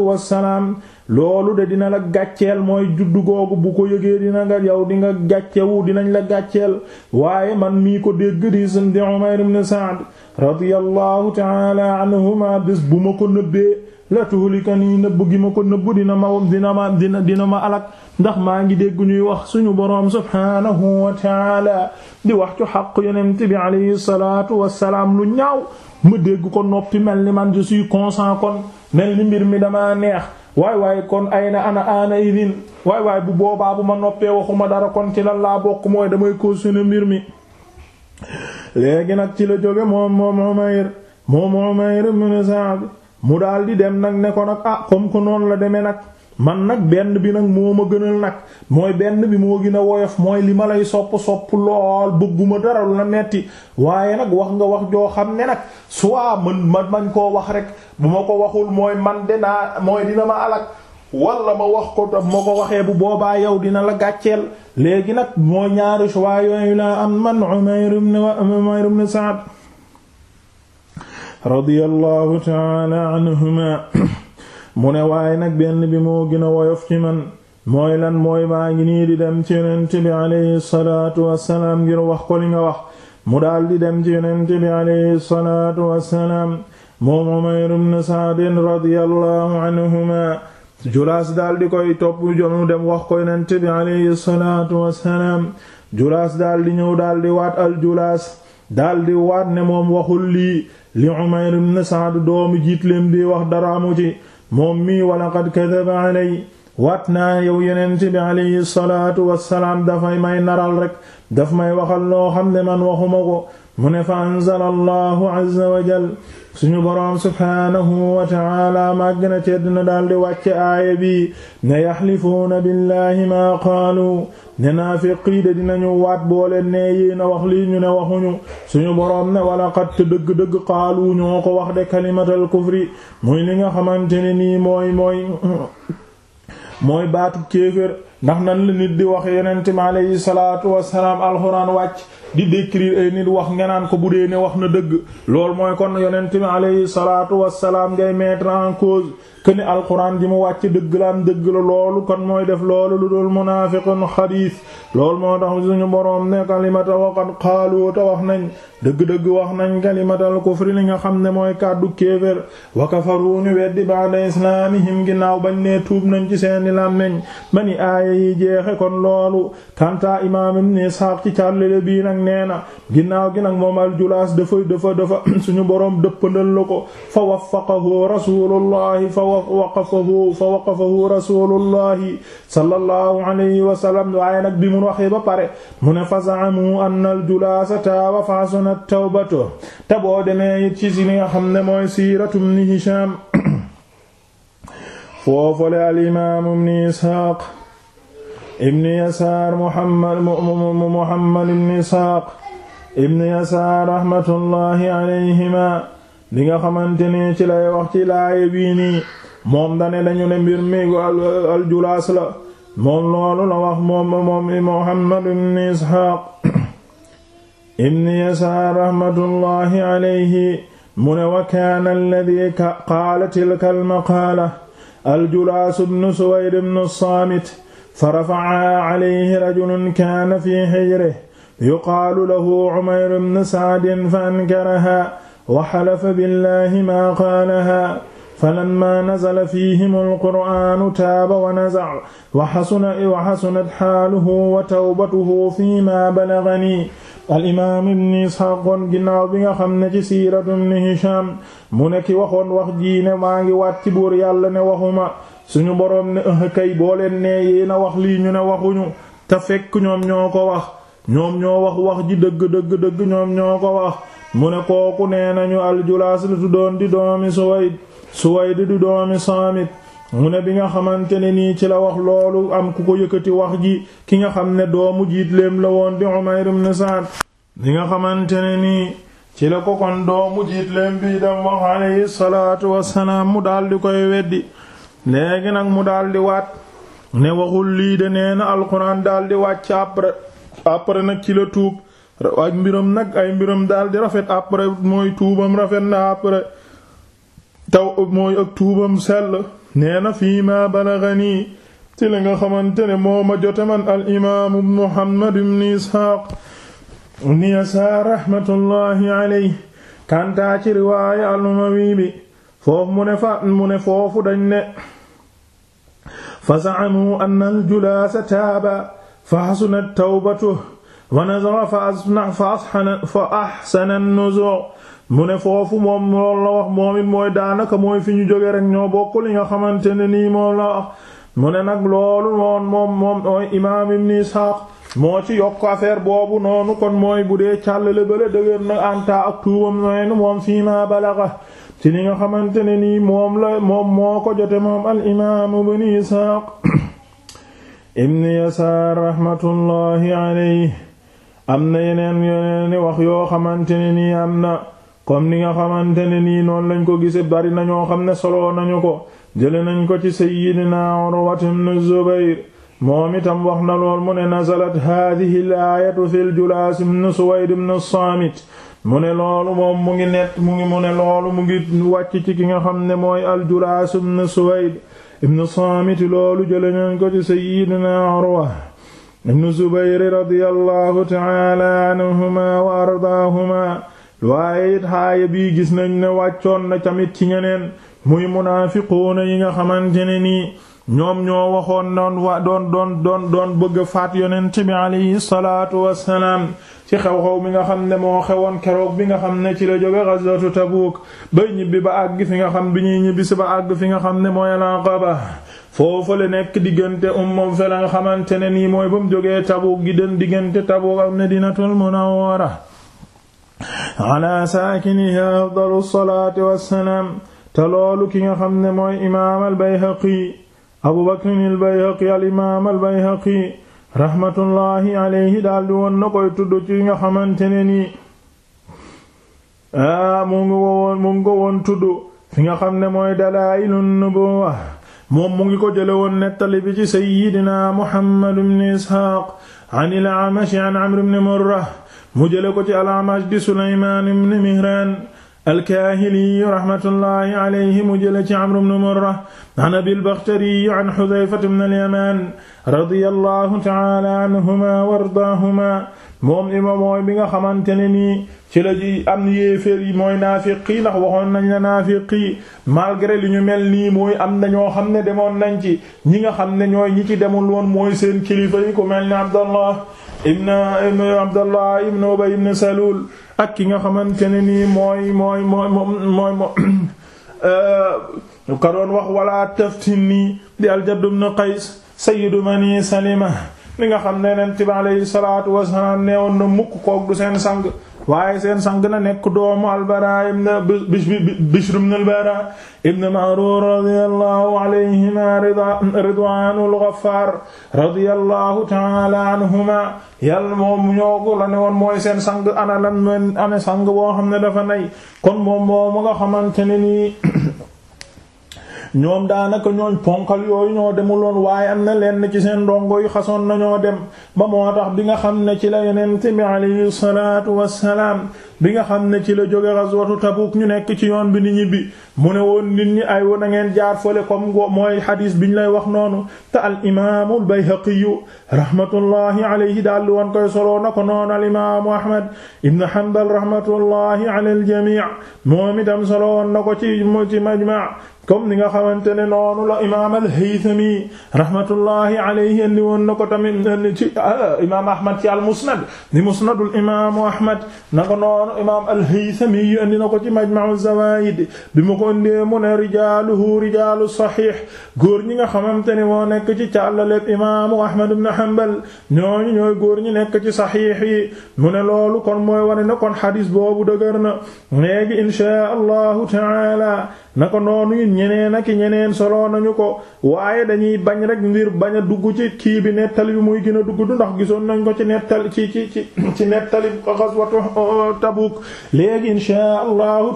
wa salaam loolu de dina la gàcceel mooy juddu googu bu ko yëgee dina nga yow dinga nga gàccewu dinañ la gàcceel waaye man mii ko dégg di san di Umayr ibn Sa'd radiyallahu ta'ala anhuma bés bu ma ko nëbbee la tuhlikani nëbb gi ma ko nëbb dina ma dina ma dina dina ma alak ndax maa ngi dégg ñuy wax suñu boroom subhaanahu wa ta'ala di wax ci xaq yonent bi alayhi salaatu wassalaam lu ñaaw ma dégg ko noppi mel ni man je suis consent kon mel ni mbir mi damaa neex waay waay kon ay na ana ana idin waay waay bu boobaa bu ma noppee waxuma dara kon ci lan laa bokk mooy damay cautionner mbir mi léegi nag ci la jóge moom moom Umayr moom Umayr ibn Sa'd mu daal di dem nag ne ko nag ah comme que noonu la demee nag man nag benn bi nag moo ma gënal nag mooy benn bi moo gën a woyof mooy li ma lay sopp sopp lool bëgguma dara lu la netti waaye nag wax nga wax joo xam ne nag soit man man koo wax rek bu ma ko waxul mooy man de naa mooy dina ma alak wala ma wax ko ma ko waxee bu boobaa yow dina la gàcceel léegi nag mooy ñaari choix yooyu laa am man anhuma mu ne waaye nag benn bi moo gën a woyof ci man mooy lan mooy maa ngi nii di dem ci yonent bi alayhi salaatu wassalaam ngir wax ko li nga wax mu daldi dem ci yonent bi alayhi salaatu wassalaam moom Umayr koy topp jomu dem wax ko yonent bi alayhi salaatu wassalaam Julaas daldi ñëw daldi waat al Julaas daldi waat ne moom waxul lii li Umayr ibn Sa'd doomu jiitleem bi wax dara ci moom mii wa laqad kadaba alay waat naa yow yonent bi alayhi salaatu wassalaam dafay may naral rek daf may waxal loo xam ne man waxuma ko mu ne fa anzala allahu azza wa jal suñu boroom subhaanahu wa ta'ala màgg na tedd na daldi wàcce aaya bi ne yaxlifuuna billahi maa qaalu ne naafiq yi de dinañu waat booleen ne yéen a wax lii ñu ne waxuñu suñu boroom ne walaqad te dëgg-dëgg qaalu ñoo ko wax de kalimatal kufri muy li nga xamante ne nii mooy mooy mooy baatu ndax nan la nit di wax yonente mi alayhi salaatu wassalaam alxuraan wàcc di décrire ay nit wax nga ko bu dee ne wax na dëgg loolu mooy kon yonent bi alayhi salaatu wassalaam ngay mettre en cause këni alquran ji mu wàcc dëgg la dëgg la loolu kon mooy def loolu lu dul munaafiqun xadiis loolu moo tax suñu boroom ne kalimata waqad qaalu te wax nañ dëgg-dëgg wax nañ kalimatal kufri li nga xam ne mooy kàddu kéefér wa kafaru ñu weddi ba'da islaamihim ginnaaw bañ ne tuub nañ ci seeni làmmiñ bani aaya yi jeexe kon loolu kantaa imaam ibn Isxaaq ci càllale bii nag nee na ginnaaw gi nag moom aljulaas dafa dafa dafa (clears throat) suñu boroom dëppandal la ko fa waffaqahu rasulullahi waqafahu fa waqafahu rasulullahi sallallahu alayhi wa sallam waaye nag bi mun waxee ba pare mu ne fasamu anna al julaasata wa fasuna tawbatu te boo demee it ci si li nga xam ne mooy siiratu ibn Hisham foofale al imaam ibn Ishaq ibn Yasaar Muhammad Muhammad ibn Ishaq ibn Yasaar rahmatullahi alayhima li nga xamante ne ci lay wax ci laaye bii nii moom dane dañu ne mbir mi aljulaas la moom loolu la wax moom moom Muhammad ibn Isxaaq (coughs) ibn Yasaar raxmatullaahi alayhi mu ne wa kaana alladi qaala tilka almaqaala aljulaas ibn Suwayd ibn Saamit fa rafacaa calayhi rajulun kaana fii xijrihi yuqaalu lahu Cumayr ibn Sacd fa ankarahaa wa xalafa billaahi maa qaalahaa falammaa nazala fiihim alqur'aanu taaba wa naza'a wa hasuna wa hasunat xaaluhu wa tawbatuhu fiimaa balaganii alimaam ibn Isxaaq ginnaaw bi nga xam ne ci siiratu ibn Hishaam mu ne ki waxoon wax jii ne maa ngi waat ci buur yàlla ne waxuma suñu boroom ne ëh kay boo leen nee a wax lii ñu ne waxuñu te fekk ñoom ñoo ko wax ñoom ñoo wax wax ji dëgg dëgg dëgg ñoom ñoo ko wax mu ne kooku nee nañu aljulaas la tuddoon di doomi Suwayd Suwayd du doomi Saamit mu ne bi nga xamante ne nii ci la wax loolu am ku ko yëkkati wax ji ki nga xam ne doomu leem la woon di Umayr ibn Sa'd bi nga xamante ne nii ci la ko kon doomu jiitleem bi dem wax alayhi salaatu wassalaam mu daldi koy weddi léegi nag mu daldi waat ne waxul lii de nee na alxuraan daldi wàcc après après nag ci la tuub ak mbiram nag ay mbiram di rafet après mooy tuubam rafet na après taw mooy ak tuubam sell nee na fii ma balaghani ci li nga xamante ne moo ma jote man al imaamu muhammad ibn isxaaq ibn yasaar raxmatullaahi alayhi kantaa ci riwaaya al umawi bi foofu mu ne fa mu ne foofu dañ ne fa za'amu anna al julaasa taaba fa hasunat tawbatuhu wa nazagha fa asxana an-nuzuu mu ne foofu moom loolu la wax moom mooy daanaka mooy fi ñu jóge rek ñoo bokk li nga xamante ne nii moom la mu ne nag loolu noonu moo ci boobu noonu kon mooy bu dee càllale bala dëgër na anta ak tuubam li nga xamante ne nii moom la moom moo ko jote moom al imaam ibn Isxaaq (coughs) ibn Yasaar rahmatullahi alayhi am na yeneen yeneen wax yoo xamante ne nii am na comme ni nga xamante ne nii noonu lañ ko gise bari na ñoo xam ne soloo nañu ko jële nañ ko ci sayyidina Urwat ibn Zubayr moom itam wax na lool mu ne nazalat haadihi al-aayatu fil Julaas ibn Suwayd ibn Saamit mu ne loolu moom mu ngi net mu ngi mu ne loolu mu ngi wàcc ci ki nga xam ne mooy al-Julaas ibn Suwayd ibn Saamit loolu jële nañ ko ci sayyidina Urwa ibn Zubayr radiyallahu ta'ala anhuma wa ardaahuma waaye it aaya bii gis nañ ne wàccoon na tamit ci ñeneen muy munaafiquuna yi nga xamante ne nii ñoom ñoo waxoon doon wa doon doon doon doon bëgg faat yonent bi alayhi salaatu wassalaam ci xew-xew mi nga xam ne moo xewoon keroog bi nga xam ne ci la jóge ghazwatu Tabuuk ba ñibbi ba àgg fi nga xam bi ñuy ñibbisi ba àgg fi nga xam ne mooy al-Aqaba foofu la nekk diggante umma fa la nga xamante ne nii mooy ba mu jógee Tabuuk gi den diggante Tabuuk ak Madinatul Munawwara ala saakiniha afdalu salaati wassalaam te loolu ki nga xam ne mooy imaam albayhaqi abu bakrin albayhaqi al imaam albayhaqi rahmatullahi alayhi daal di woon na koy tudd ci nga xamante ne nii aa ah, mu ngi woon mu ngi ko woon tudd fi nga xam ne mooy dalaa'ilun nubuwwa moom mu ngi ko jële woon nettali bi ci sayyidina muhammad ibn ishaaq an al-amashi an amr ibn murrah mu jële ko ci al-Amash di Sulaymaan ibn Mihraan alkaahiliyu raxmatullahi alayhi mu jële ci amru bnu murra an abil baxtariyu an xudayfata bnu alyamaan radiyallahu taala anhuma wa ardaahuma moom ima mooy bi nga xamante ne nii ci la ji am yéeféer yi mooy naafiqi ndax waxoon nañ la naafiqi malgré li ñu mel ni mooy am na ñoo xam ne demoon nañ ci ñi nga xam ne ñoo ñi ci demul woon mooy seen kilifa yi ku mel ni abdallah ibn abdallah ibn ubay ak ki nga xamante ne nii mooy mooy mooy mooy mooy (coughs) euh, ka doon wax wala taftinni di al-Jadd ibn Qays sayyidu Bani Salima li nga xam ne Yonent bi alayhi salaatu wa salaam neewoon na mukk koog du seen sang waaye seen sang na nekk doomu albara ibn bishr ibn albara ibn ma'rur radiyallahu alayhima ridwanul ghaffar radiyallahu ta'ala anhuma yàlla moom ñoo ko la ne woon seen sang ana lan sang boo xam ne dafa nay kon moom moo mu nga xamante ñoom daanaka ñooñ ponkal yooyu ñoo demuloon waaye am na lenn ci seen ndongo yi xasoon nañoo dem ba moo tax bi nga xam ne ci la yonent bi alayhi salaatu wassalaam bi nga xam ne ci la jóge ghazwatu Tabuk ñu nekk ci yoon bi nit ñi bi mu ne woon nit ñi ay woon a ngeen jaar fële comme mooy xadiis biñ lay wax noonu te al imaamu al Bayhaqiyu rahmatullahi alayhi daal di woon koy soloo na ko noonu al imaamu Ahmad ibn Hanbal rahmatullahi ala al jamii' moom itam soloo woon na ko ci ci majmaa comme ni nga xamante ne noonu la imaam al-Haythami rahmatullahi alayhi andi woon na ko tamit ci ah, imaam Ahmad ci al-Musnad ni Musnadul imaamu Ahmad na ko noonu i al-Haythami andi na ko ci Majma'u Zawaa'id bi mu ko indee mu ne rijaaluhu rijaalu saxiix góor ñi nga xamante ne moo nekk ci caalaleeb imaamu Ahmad ibn Hanbal ñooñu ñooy góor ñi nekk ci mu ne loolu kon mo wane ne kon xadis boobu dëgër na ta'ala na naka noonu ñeneen ak ñeneen solo nañu ko waaye dañuy bañ rek ngir bañ a dugg ci kii bi nettali bi muy gën a dugg du ndax gisoon nañ ko ci nettali ci ci ci ci nettali ghazwatu uh, Tabuk léegi inshaa allahu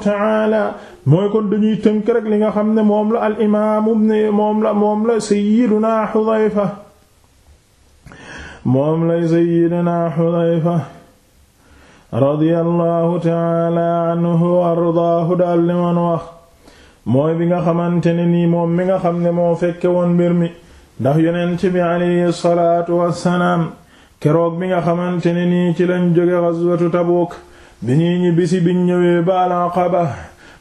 li nga xam ne moom la al imaamu moom la moom la sayyiduna Hudhayfa moom la sayyiduna Hudhayfa radiyallahu taala anhu ardaahu daal li man wax mooy bi nga xamante ne nii moom mi nga xam ne moo fekke woon mbir mi ndax yonent bi alayhi salaatu wassalaam keroog bi nga xamante ne nii ci lañ jóge ghazwatu Tabuk bi ñuy ñibbisi biñ ñëwee ba al-Aqaba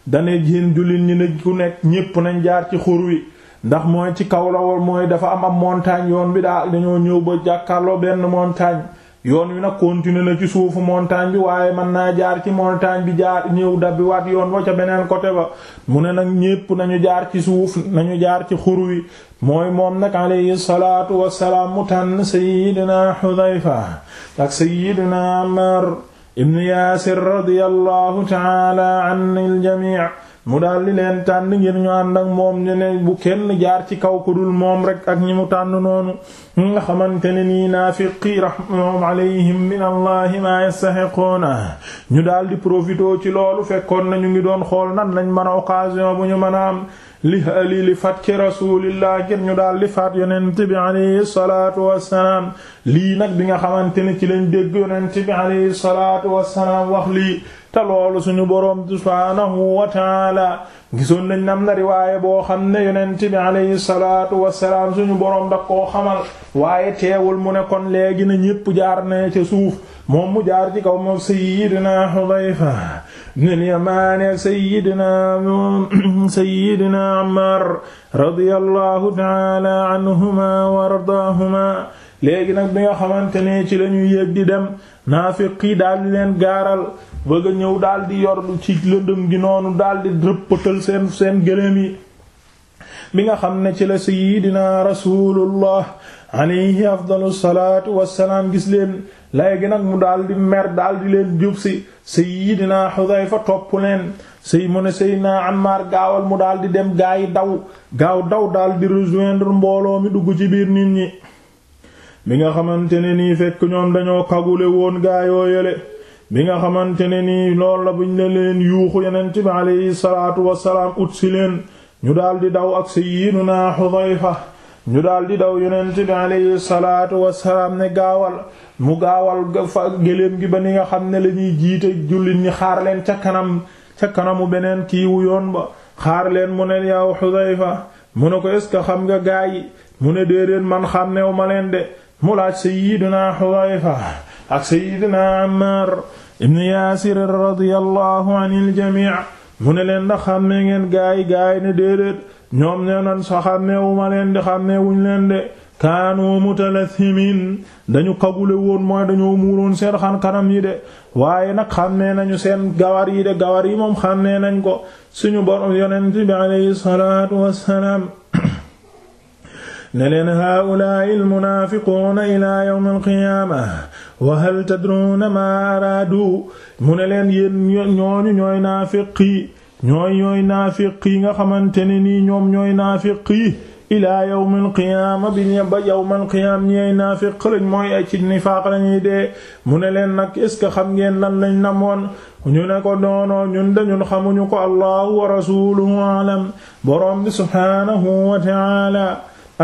dane jén jullit ñi ne ku nekk ñépp nañ jaar ci xur wi ndax mooy ci kaw la mooy dafa am am montagne yoon bi daal dañoo ñëw ba jàkkaarloo benn montagne yoon wi nag continuer na ci suufu montagne bi waaye mën naa jaar ci montagne bi jaar ñëw dabbi waat yoon wa ca beneen côté ba mu ne nag ñépp nañu jaar ci suuf nañu jaar ci xur wi mooy moom nag alayhi salaatu wassalaam mu tànn sayidina Xudayfa ak sayidina Ammaar ibn Yaasir radiyallahu ta'ala anil jamii mu daldi leen tànn ngir ñu ànd ak moom ñu ne bu kenn jaar ci kaw ku dul moom rek ak ñi mu tànn noonu ñi nga xamante ne nii naafiqi rahmahum alayhim min allahi ma yastahiquna ñu daldi profitoo ci loolu fekkoon na ñu ngi doon xool nan lañ mën a bu ñu mën a li ali li fat ci rasulillah ngir ñu daal li faat yonent bi alayhi salaatu wassalaam lii nag bi nga xamante ne ci lañ dégg yonent bi alayhi salaatu wassalaam wax lii te loolu suñu boroom subhaanahu wa taala gisoon nañ na riwaaya boo xam ne yonent bi alayhi salaatu wassalaam suñu boroom da xamal waaye teewul mu ne kon léegi na ñépp jaar ne ca suuf moom mu jaar ci kaw moom sayyidina Hudayfa ibn al-Yamaan sayyidina sayyidina Ammaar radiyallahu taala anhuma wa ardaahuma léegi nag bi nga xamante ne ci lañu yéeg di dem naafiq yi daal leen gaaral bëgg ñëw daal di yorlu ci lëndëm gi noonu daldi di rëppatal seen seen gëléem yi bi nga xam ne ci la sayyidina rasulullah alayhi afdalu salaatu wassalaam gis leen léegi nag mu daal di mer daal di leen jub si sayyidina Xudayfa topp leen sëy mu ne sayyidina Ammaar gaawal mu daal dem gaa yi daw gaaw daw daal di rejoindre mbooloo mi dugg ci biir nit ñi bi nga xamante ne nii fekk ñoom dañoo kagule woon gaayoo yele bi nga xamante ne nii lool la buñ ne leen yuuxu yonent bi aleyhi salaatu wasalaam ut si leen ñu daldi daw ak sayyidina Xudayfa ñu daldi daw yeneen bi aleyhi salaatu wasalaam ne gaawal mu gaawal fa gëléem gi ba ni nga xam ne lañuy jiite jullit ñi xaar leen ca kanam ca kanamu beneen kiiwu yoon ba xaar leen mu ne yaw Xudayfa mu ne ko est xam nga gaay mu ne déedéet man xam ma leen de mu laaj sayyidina Hudayfa ak sayyidina Ammar ibn Yaasir radiyallahu anil jamii mu ne leen ndax xam ne ngeen gaay gaay ne déedéet ñoom ne nan sa xam ne wu ma leen di xam ne wuñ leen de kaanu mutalathimiin dañu kagule woon mooy dañoo muuroon seen xan kanam yi de waaye nag xam nañu seen gawar yi de gawar yi moom xam ne nañ ko suñu borom yonent bi alayhi salaatu wassalaam ne leen haa'ulaa'i al-munaafiquuna ilaa yawmi al-qiyaama wa hal tadruuna maa araadu mu ne leen yéen ñooñu ñooy naafiq yi ñooy ñooy naafiq yi nga xamante ne nii ñoom ñooy naafiq yi ilaa yawmil qiyaama bi ñe ba yawmal qiyaam ñeey naafiq lañ mooy ay ci nifaaq lañuy dee mu ne leen nag est ce que xam ngeen lan lañ namoon ñu ne ko doonoo ñun dañun xamuñu ko allahu wa rasuluhu alam boroom bi subhaanahu wa ta'ala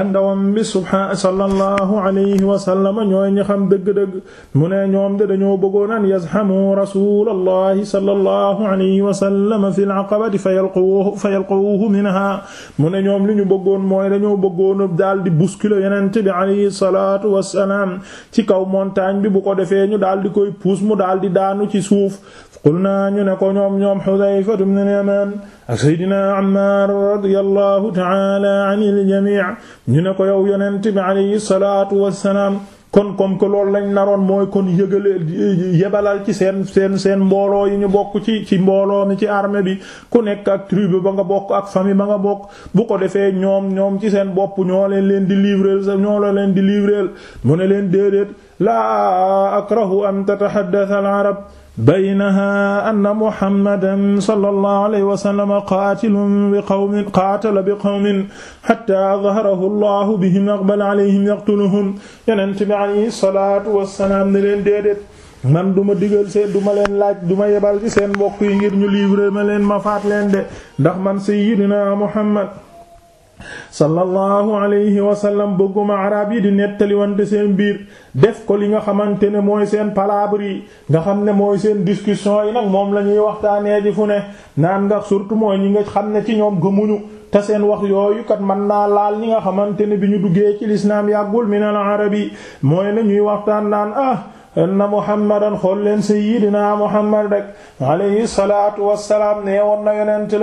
andawam bi subhaan sallallahu alayhi wa sallam ñooy ñi xam dëgg-dëgg mu ne ñoom de dañoo bëggoon an yazhamu rasulallahi sallallahu alayhi wa sallam fi al-aqabati fa yalquuhu fa yalquuhu minha mu ne ñoom li ñu bëggoon mooy dañoo bëggoon daal di bousculer yonent bi alayhi salaatu wa salaam ci kaw montagne bi bu ko defee ñu daal di koy puus mu daal di daanu ci suuf qulnaa ñu ne ko ñoom ñoom Hudayfa ibn al-Yamaan ak Seydina Ammaar radiyallahu ta'ala anil jamii' ñu ne ko yow yonent bi alayhi salaatu wassalaam kon comme que loolu lañ naroon mooy kon yëgale yebalal ci seen seen seen mbooloo yi ñu bokk ci ci mbooloo mi ci armée bi ku nekk ak tribu ba nga bokk ak famille ba nga bokk bu ko defee ñoom ñoom ci seen boppu ñoo leen leen di livreel sa ñoo leen di livreel mu ne leen déedéet laa akrahu an tataxaddasa arab baynaha anna muhammadan sallallahu alayhi wa sallam qaatilun bi qawmin qaatala bi qawmin hatta adharahu allahu bihim aqbala alayhim yaqtuluhum yonent bi alayhi salaatu wa salaam ne leen déedéet man du ma digal seen du ma leen laaj du ma yebal ci seen mbokk yi ngir ñu livrer ma leen ma faat leen de ndax man sayyidina muhammad sallallahu alayhi wa sallam bëgguma arab yi di nettali nettaliwante seen biir def ko li nga xamante ne mooy seen palabre yi nga xam ne mooy seen discussion yi nag moom la ñuy waxtaanee ji fu ne naan nga surtout mooy ñi nga xam ne ci ñoom gëmuñu te seen wax yooyu kat man naa laal ñi nga xamante ne bi ñu duggee ci lislaam yàggul min al arab yi mooy na ñuy waxtaan naan ah na muhammadan xool leen sayyidina muhammad rek alayhi salaatu wassalaam nee na yonent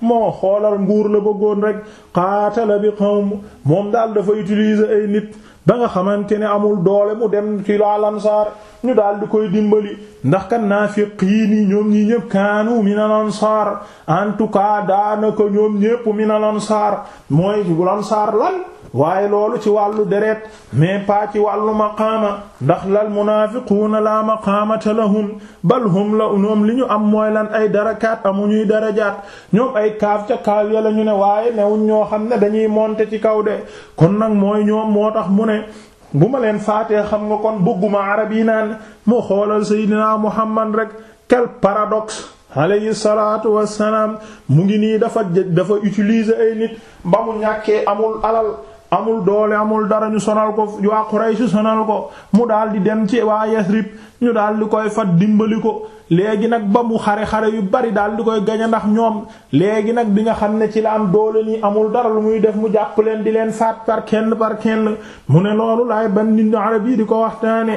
moo xoolal nguur la bëggoon rek qaatala bi qawm moom daal dafa utiliser ay nit ba nga xamante ne amul doole mu dem ci al-ansaar ñu daal di koy dimbali ndax kan naafiqiin yi ñoom ñi ñëpp kaanu min al-ansaar en tout cas daanaka ñoom ñëpp min al-ansaar mooy ci al-ansaar lan waaye loolu ci wàllu deret mais pas ci wàllu maqaama ndax lal munaafiquuna laa maqaamata lahum bal hum la ñoom li ñu am mooy lan ay darakaat amuñuy darajaat ñoom ay kaaf ca kaaf ya la ñu ne waaye newuñ ñoo xam ne dañuy monter ci kaw de kon nag mooy ñoom moo tax mu ne bu ma leen faatee xam nga kon bëgguma arab yi naan moo xoolal Seydina Muhammad rek quel paradoxe alayhi salaatu wassalaam mu ngi nii dafa dafa utiliser ay nit ba mu ñàkkee amul alal amul doole amul dara ñu sonal ko waa Quraysh sonal ko mu daal di dem ci waa Yasrib ñu daal di koy fat dimbali ko léegi nag ba mu xare-xare yu bari daal di koy gañe ndax ñoom léegi nag bi nga xam ne ci la am doole nii amul dara lu muy def mu jàpp leen di leen faat par kenn par kenn mu ne loolu laay ban nit ñu arab yi di ko waxtaane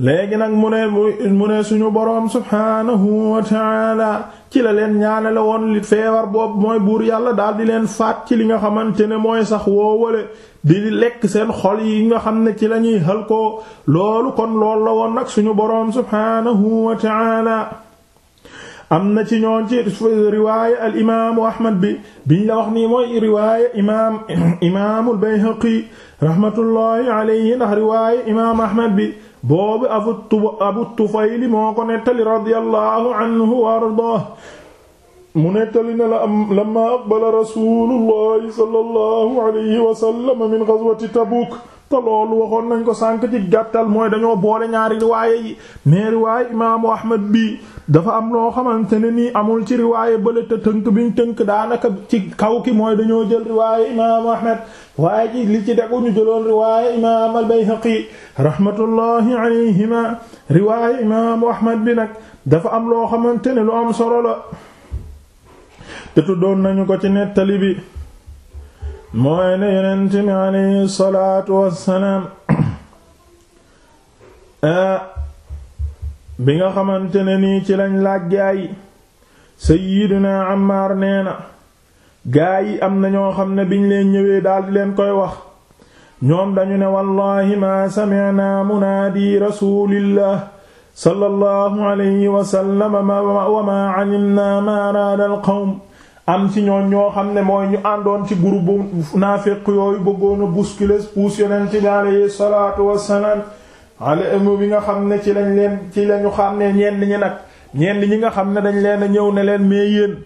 léegi nag mu ne mu ne suñu boroom subhaanahu wa ta'ala ci la leen ñaanale woon li feebar buur yàlla daal di leen faat ci li nga xamante ne mooy sax woowale di lekk seen xol yi nga xam ne ci lañuy ñuy xal ko loolu kon lool la woon nag suñu boroom subhaanahu wa ta'ala am na ci ñoon ci riwaaya al imaamu ahmad bi biñ la wax nii mooy riwaaya imaam imaamul bi boobu abu abu tufayli moo ko nettali radiyallahu anhu wa ardaah mu nettali ne la am lamma aqbala rasulullahi sallallahu alayhi wa sallam min ghazwati tabuk te loolu waxoon nañ ko sànk ci gàttal mooy dañoo boole ñaari riwaaye yi mais imaamu ahmad bi dafa am loo xamante ne nii amul ci riwaaye bële te tënk biñ tënk daanaka ci kaw ki mooy dañoo jël riwaaye imaamu Ahmad waaye ci li ci degu ñu jëloon riwaaye imaam al imaamu Ahmad bi nag dafa am loo xamante ne lu am solo la te tuddoon nañu ko ci nettali bi mooy ne Yonent mi alayhi salaatu wassalaam (clears throat) ah, bi nga xamante ne nii ci lañ laaj gaa yi sayyidina Ammaar nee na gaa yi am na ñoo xam ne biñ leen ñëwee daldi leen koy wax ñoom dañu ne wallaahi maa sami'naa munaadi rasuulillah sallallahu alayhi wa sallam wa maa alimnaa maa araada alqawm am ci ñoon ñoo xam ne mooy ñu àndoon ci groupe naafiq yooyu bëggoon a bousculer puus yonent bi alayhi salaatu wassalaam alemu bi nga xam ne ci lañ leen ci lañu xam ne ñenn ñi nag ñenn ñi nga xam ne dañ leen a ñëw ne leen mais yéen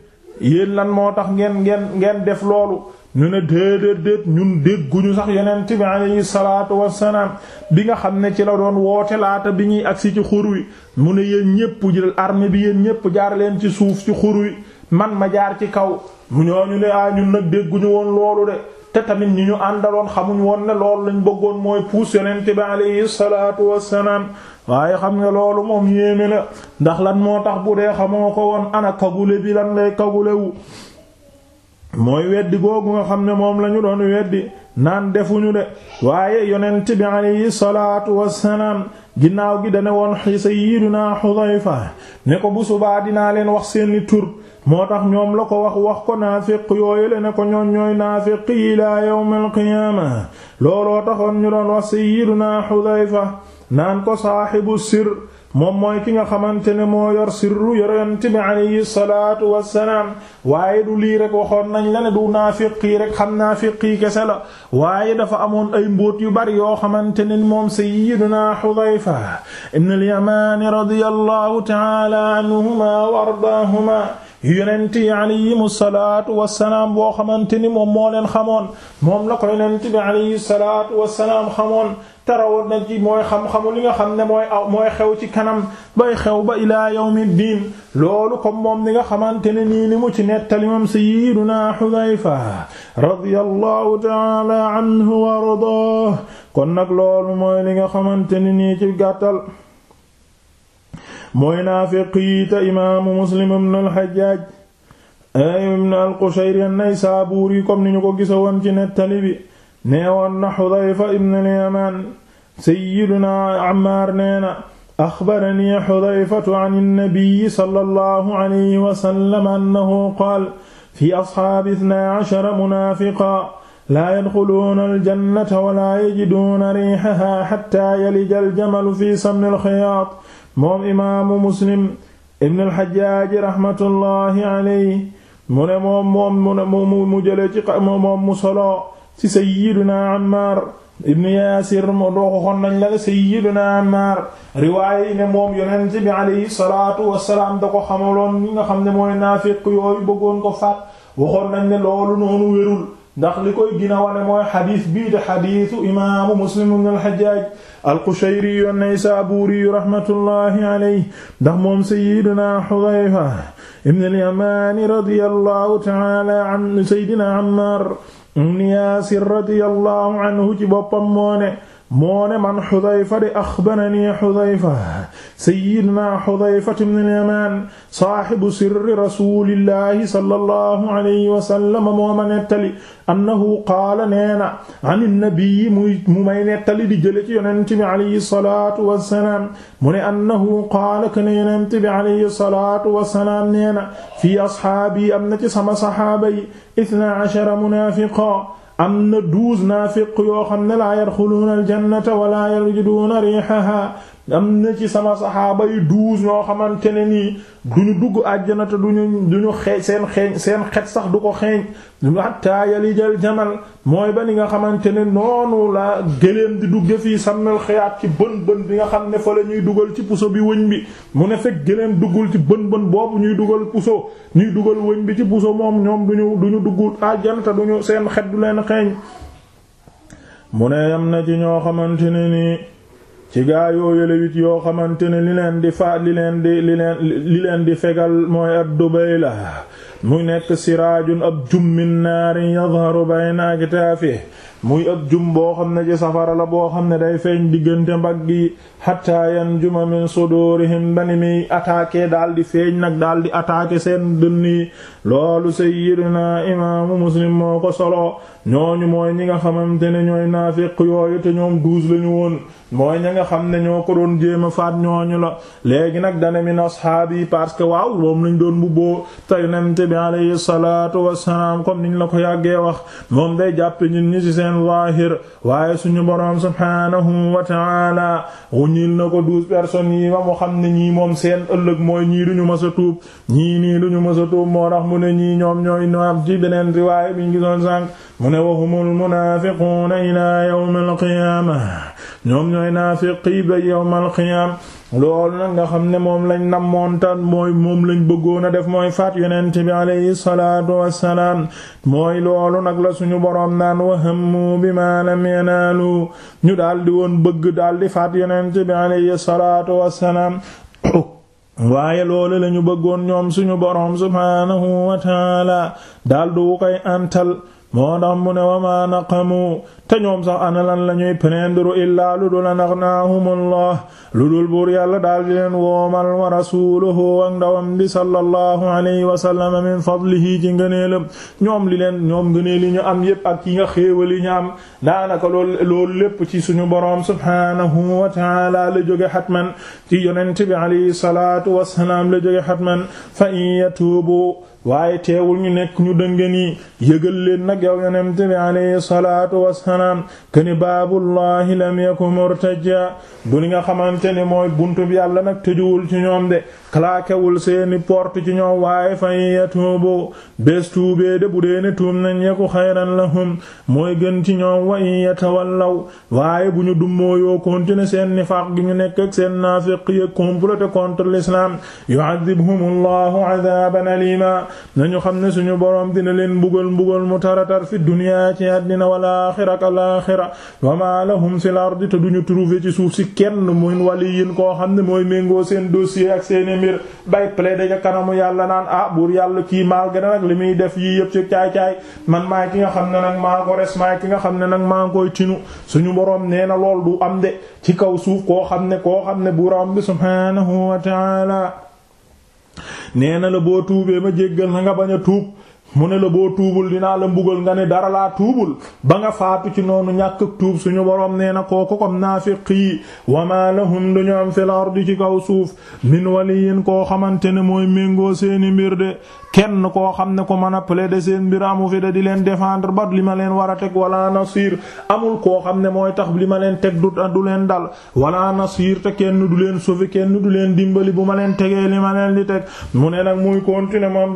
yéen lan moo tax ngeen ngeen ngeen def loolu ñu ne déedéet déet ñun dégguñu sax yonent bi alayhi salaatu wassalaam bi nga xam ne ci la doon woote laata bi ñuy agsi ci xur wi mu ne yéen ñépp jël armi bi yéen ñépp jaar leen ci suuf ci xur wi man ma jaar ci kaw mu ñooñu ne ah ñun nag dégguñu woon loolu de te tamit ñi ñu àndaloon xamuñ woon ne loolu lañu bëggoon mooy puus yonent bi alayhi salaatu wassalaam waaye xam nga loolu moom yéeme la ndax lan moo tax bu dee xamoo ko woon ana kagule bi lan lay kagulewu mooy weddi googu nga xam ne moom lañu doon weddi naan defuñu de waaye yonent bi alayhi salaatu wassalaam ginnaaw gi dana woon sayyidina Xudayfa ne ko bu subaa dinaa leen wax seeni tur moo tax ñoom la ko wax wax ko naafiq yooyu le ne ko ñoon ñooy naafiq yi ilaa yawmal qiyaama looloo taxoon ñu doon wax sayyidunaa Xudayfa naan ko saaxibu sir moom mooy ki nga xamante ne moo yor sirru yorent bi alayhi salaatu wassalaam waaye du lii rek waxoon nañ la ne du naafiq yi rek xam naafiq yi kese la waaye dafa amoon ay mbóot yu bari yoo xamante ne moom sayyidunaa Xudayfa ibn al-Yamaan radiyallahu ta'aala anhumaa wa ardaahumaa yonent yi alayhimu salaatu wassalaam boo xamante ni moom moo leen xamoon moom la ko yonent bi alayhi salaatu wassalaam xamoon tarawoon na ci mooy xam-xamu li nga xam ne mooy aw mooy xew ci kanam bay xew ba ilaa yawmi diin loolu comme moom li nga xamante ne nii ni mu ci nettali moom sayyiduna Hudayfa radiyallahu ta'ala anhu wa ardaahu kon nag loolu mooy li nga xamante ni nii ci gàttal mooy naafiq yi te imaamu muslim ibn al-Hajjaj ibn al-Qushayri an-Naysaburi comme ni ñu ko gisa woon ci nettali bi neewoon na Xudayfa ibn al-Yaman sayyiduna Ammaar neena axbarani Xudayfatu an an-nabi sallallahu alayhi wa sallam annahu qaala fi asxaabi isnaa ashara munaafiqan laa yadxuluuna al-jannata wa laa yajiduuna riihahaa hattaa yalija al-jamalu fii sammi al-xiyaat moom imaamu muslim ibn alxajaaji raxmatullahi alayhi mu ne moom moom mu ne mu mu jëlee ci moom mu solo ci sayyiduna Ammaar ibn Yaasir mu dooxu xon nañ la sayyiduna Ammaar riwaaya yi ne moom yonent bi alayhi salaatu wassalaam da ko xamaloon ñi nga xam ne mooy naafiq yooyu bëggoon ko faat waxoon nañ ne loolu noonu wérul ndax li koy gën a wane mooy xadiis bii de xadiisu imaamu muslim ibn al-Hajjaj al-Qushayri an-Naysaburi rahmatullahi alayhi ndax moom sayyidina Hudayfa ibn al-Yaman radiyallahu ta'ala an sayyidina Ammar ibn Yasir radiyallahu anhu ci boppam moo ne moo ne man Xudayfa de axbarani Xudayfa sayyidina Xudayfa ibn al-Yamaan saaxibu sirri rasuulillahi sallallahu alayhi wa sallam moo ma nettali annahu qaala nee na an nabii muy mu may nettali di jële ci yonent bi alayhi salaatu wa salaam mu ne annahu qaala kaana yonent bi alayhi salaatu wa salaam nee na fii asxaabi am na ci sama saxaaba yi isnaa ashara munaafiqan am na douze naafiq yoo xam ne laa yadxuluuna aljannata wala yajiduuna riihahaa am na ci sama saxaaba yi douze ñoo xamante ne nii duñu dugg àjjana te duñu duñu xeeñ seen xeeñ seen xet sax du ko xeeñ yi yalijal jamal mooy ba ni nga xamante ne noonu la gëléem di dugge fii sàmmel xëyaat ci bën bën bi nga xam ne fa la ñuy dugal ci puso bi wëñ bi mu ne fekk gëléem duggul ci bën bën boobu ñuy dugal puso ñuy dugal wëñ bi ci puso moom ñoom duñu duñu duggul àjjana te duñu seen xet du leen xeeñ mu ne am na ci ñoo xamante ne nii ci gaa yoo wit yoo xamante ne li leen di faat li leen di li leen li leen di fegal mooy ad la muy nekk siraajun ab jum min naarin yadharu bayna aktaafih muy ab jum boo xam ne ci safara la boo xam ne day feeñ diggante mbagg yi hatta yanjuma min sudurihim ba ni muy attaqué daal di feeñ nag daal di attaqué seen dënn yi loolu sayyidina imaamu muslim moo ko solo ñooñu mooy ñi nga xamante ne ñooy naafiq yooyu te ñoom douze lañu woon mooy ña nga xam ne ñoo ko doon jéem a faat ñooñu la léegi nag dana min ashaabi parce que waaw moom lañ doon bu bi alayhi salaatu wassalaam comme niñ la ko yàggee wax moom day jàppe ñun ñi ci seen waaye suñu boroom subhaanahu wa ta'ala wuñil na ko douze personnes yi mu xam ne ñii moom seen ëllëg mooy ñii duñu a tuub ñii nii duñu tuub moo tax mu ne ñii ñoom ñooy noam ci beneen riwaaya bi ñu gisoon sànq mu ne wa humul munaafiquuna ilaa yawmil qiyaama ñoom ñooy naafiqi ba yawmal qiyaama loolu nag nga xam ne moom lañ nammoontan mooy moom lañ bëggoon a def mooy faat yonent bi alayhi salaatu wassalaam mooy loolu nag la suñu boroom naan wa hammu bimaa lam yanaalu ñu daldi woon bëgg daldi faat yonent bi alayhi salaatu wassalaam waaye loolu lañu bëggoon ñoom suñu boroom subhaanahu wa taala daldi antal moo tax ne wa maa te ñoom sax ana lan la ñuy prendre illaa lu dul an aghnahumullah lu dul buur yàlla daal di leen woomal wa rasuluhu ak ndawam bi sallallahu alayhi wa sallam min fadlihi ci ngëneelam ñoom li leen ñoom ngëneel yi ñu am yépp ak yi nga xéewal yi ñu am daanaka loolu loolu lépp ci suñu boroom subhanahu wa ta'ala la jóge xatman ci yonent bi alayhi salatu wassalaam la jóge xatman fa in yatubu waaye teewul ñu nekk ñu dëngani yëgal leen nag o yonent bi alayhi salatu maanaam këni baabullahi lam yaku murtaja du li nga xamante ne mooy buntu bi yàlla nag tëjuwul ci ñoom de claquewul seeni porte ci ñoom waaye fa yatuubu bés tuubee de bu deene tuum nañ yaku xayran lahum mooy gën ci ñoom wa in yatawallaw waaye bu ñu dummoo yoo continuer seen nifaaq gi ñu nekk ak seen naafiq yi comploté contre l'islam yu'adhibhum allahu adaban alima nañu xam ne suñu boroom dina leen mbugal mbugal mu taratar fi dunya ci àddina wal alaaxira wa maa lahum fil ardi te duñu trouver ci suuf si kenn mu mun waliyin koo xam ne mooy méngoo seen dossier ak seen mbir bay plaider ca kanamu yàlla naan ah buur yàlla kii malgré nag li muy def yii yëpp ci caay-caay man maay ki nga xam ne nag maa ko res maay ki nga xam ne nag maa koy tinu suñu boroom nee na lool du am de ci kaw suuf koo xam ne koo xam ne bu bi subhaanahu wa ta'ala na la boo tuubee ma jéggal na nga bañ tuub mu ne la boo tuubul dinaa la mbugal nga ne dara laa tuubul ba nga faatu ci noonu ñàkk tuub suñu boroom nee na kooku comme naafiq yi wa maa lahum duñu am fil ardi ci kaw suuf min waliyin koo xamante ne mooy méngoo seeni mbir de kenn koo xam ne ko mën a de seen mbir amu fi de di leen défendre ba li ma leen war a teg wala nasiir amul koo xam ne mooy tax li ma leen teg du du leen dal wala nasir te kenn du leen sauver kenn du leen dimbali bu ma leen tegee li ma leen di teg mu ne nag muy continuer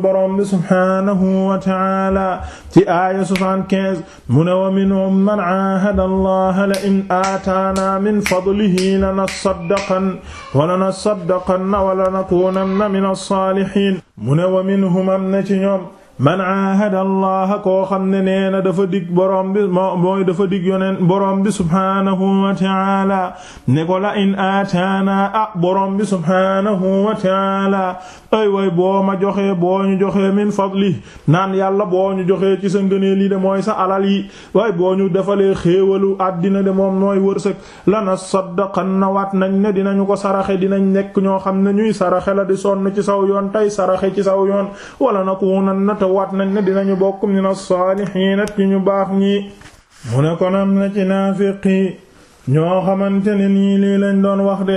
subhaanahu wa ta'ala ci aaya 75 mu ne wa minhum man aahada allaha la in aataana min fadlihi lanasaddaqan wa lanasaddaqanna wa lanakuunanna min as-saalihiin mu ne wa minhum am na ci ñoom man aahada allaha koo xam ne nee na dafa dig boroom bi mooy dafa dig yoneen boroom bi subhaanahu wa taala ne ko la in aataana ah boroom bi subhaanahu wa taala ay way boo ma joxee boo ñu joxee min fadli naan yàlla boo ñu joxee ci sa ngëneel yi de mooy sa alal yi way boo ñu defalee xéewalu àddina de moom mooy wërsëg lana saddaqanna waat nañ ne dinañu ko saraxe dinañ nekk ñoo xam ne ñuy saraxe la di sonn ci saw yoon tey saraxe ci saw yoon wala waat nañ ne dinañu bokk min as-saalihiin ci ñu baax ñi mu ne kon am na ci naafiq yi ñoo xamante ne nii lii lañ doon wax de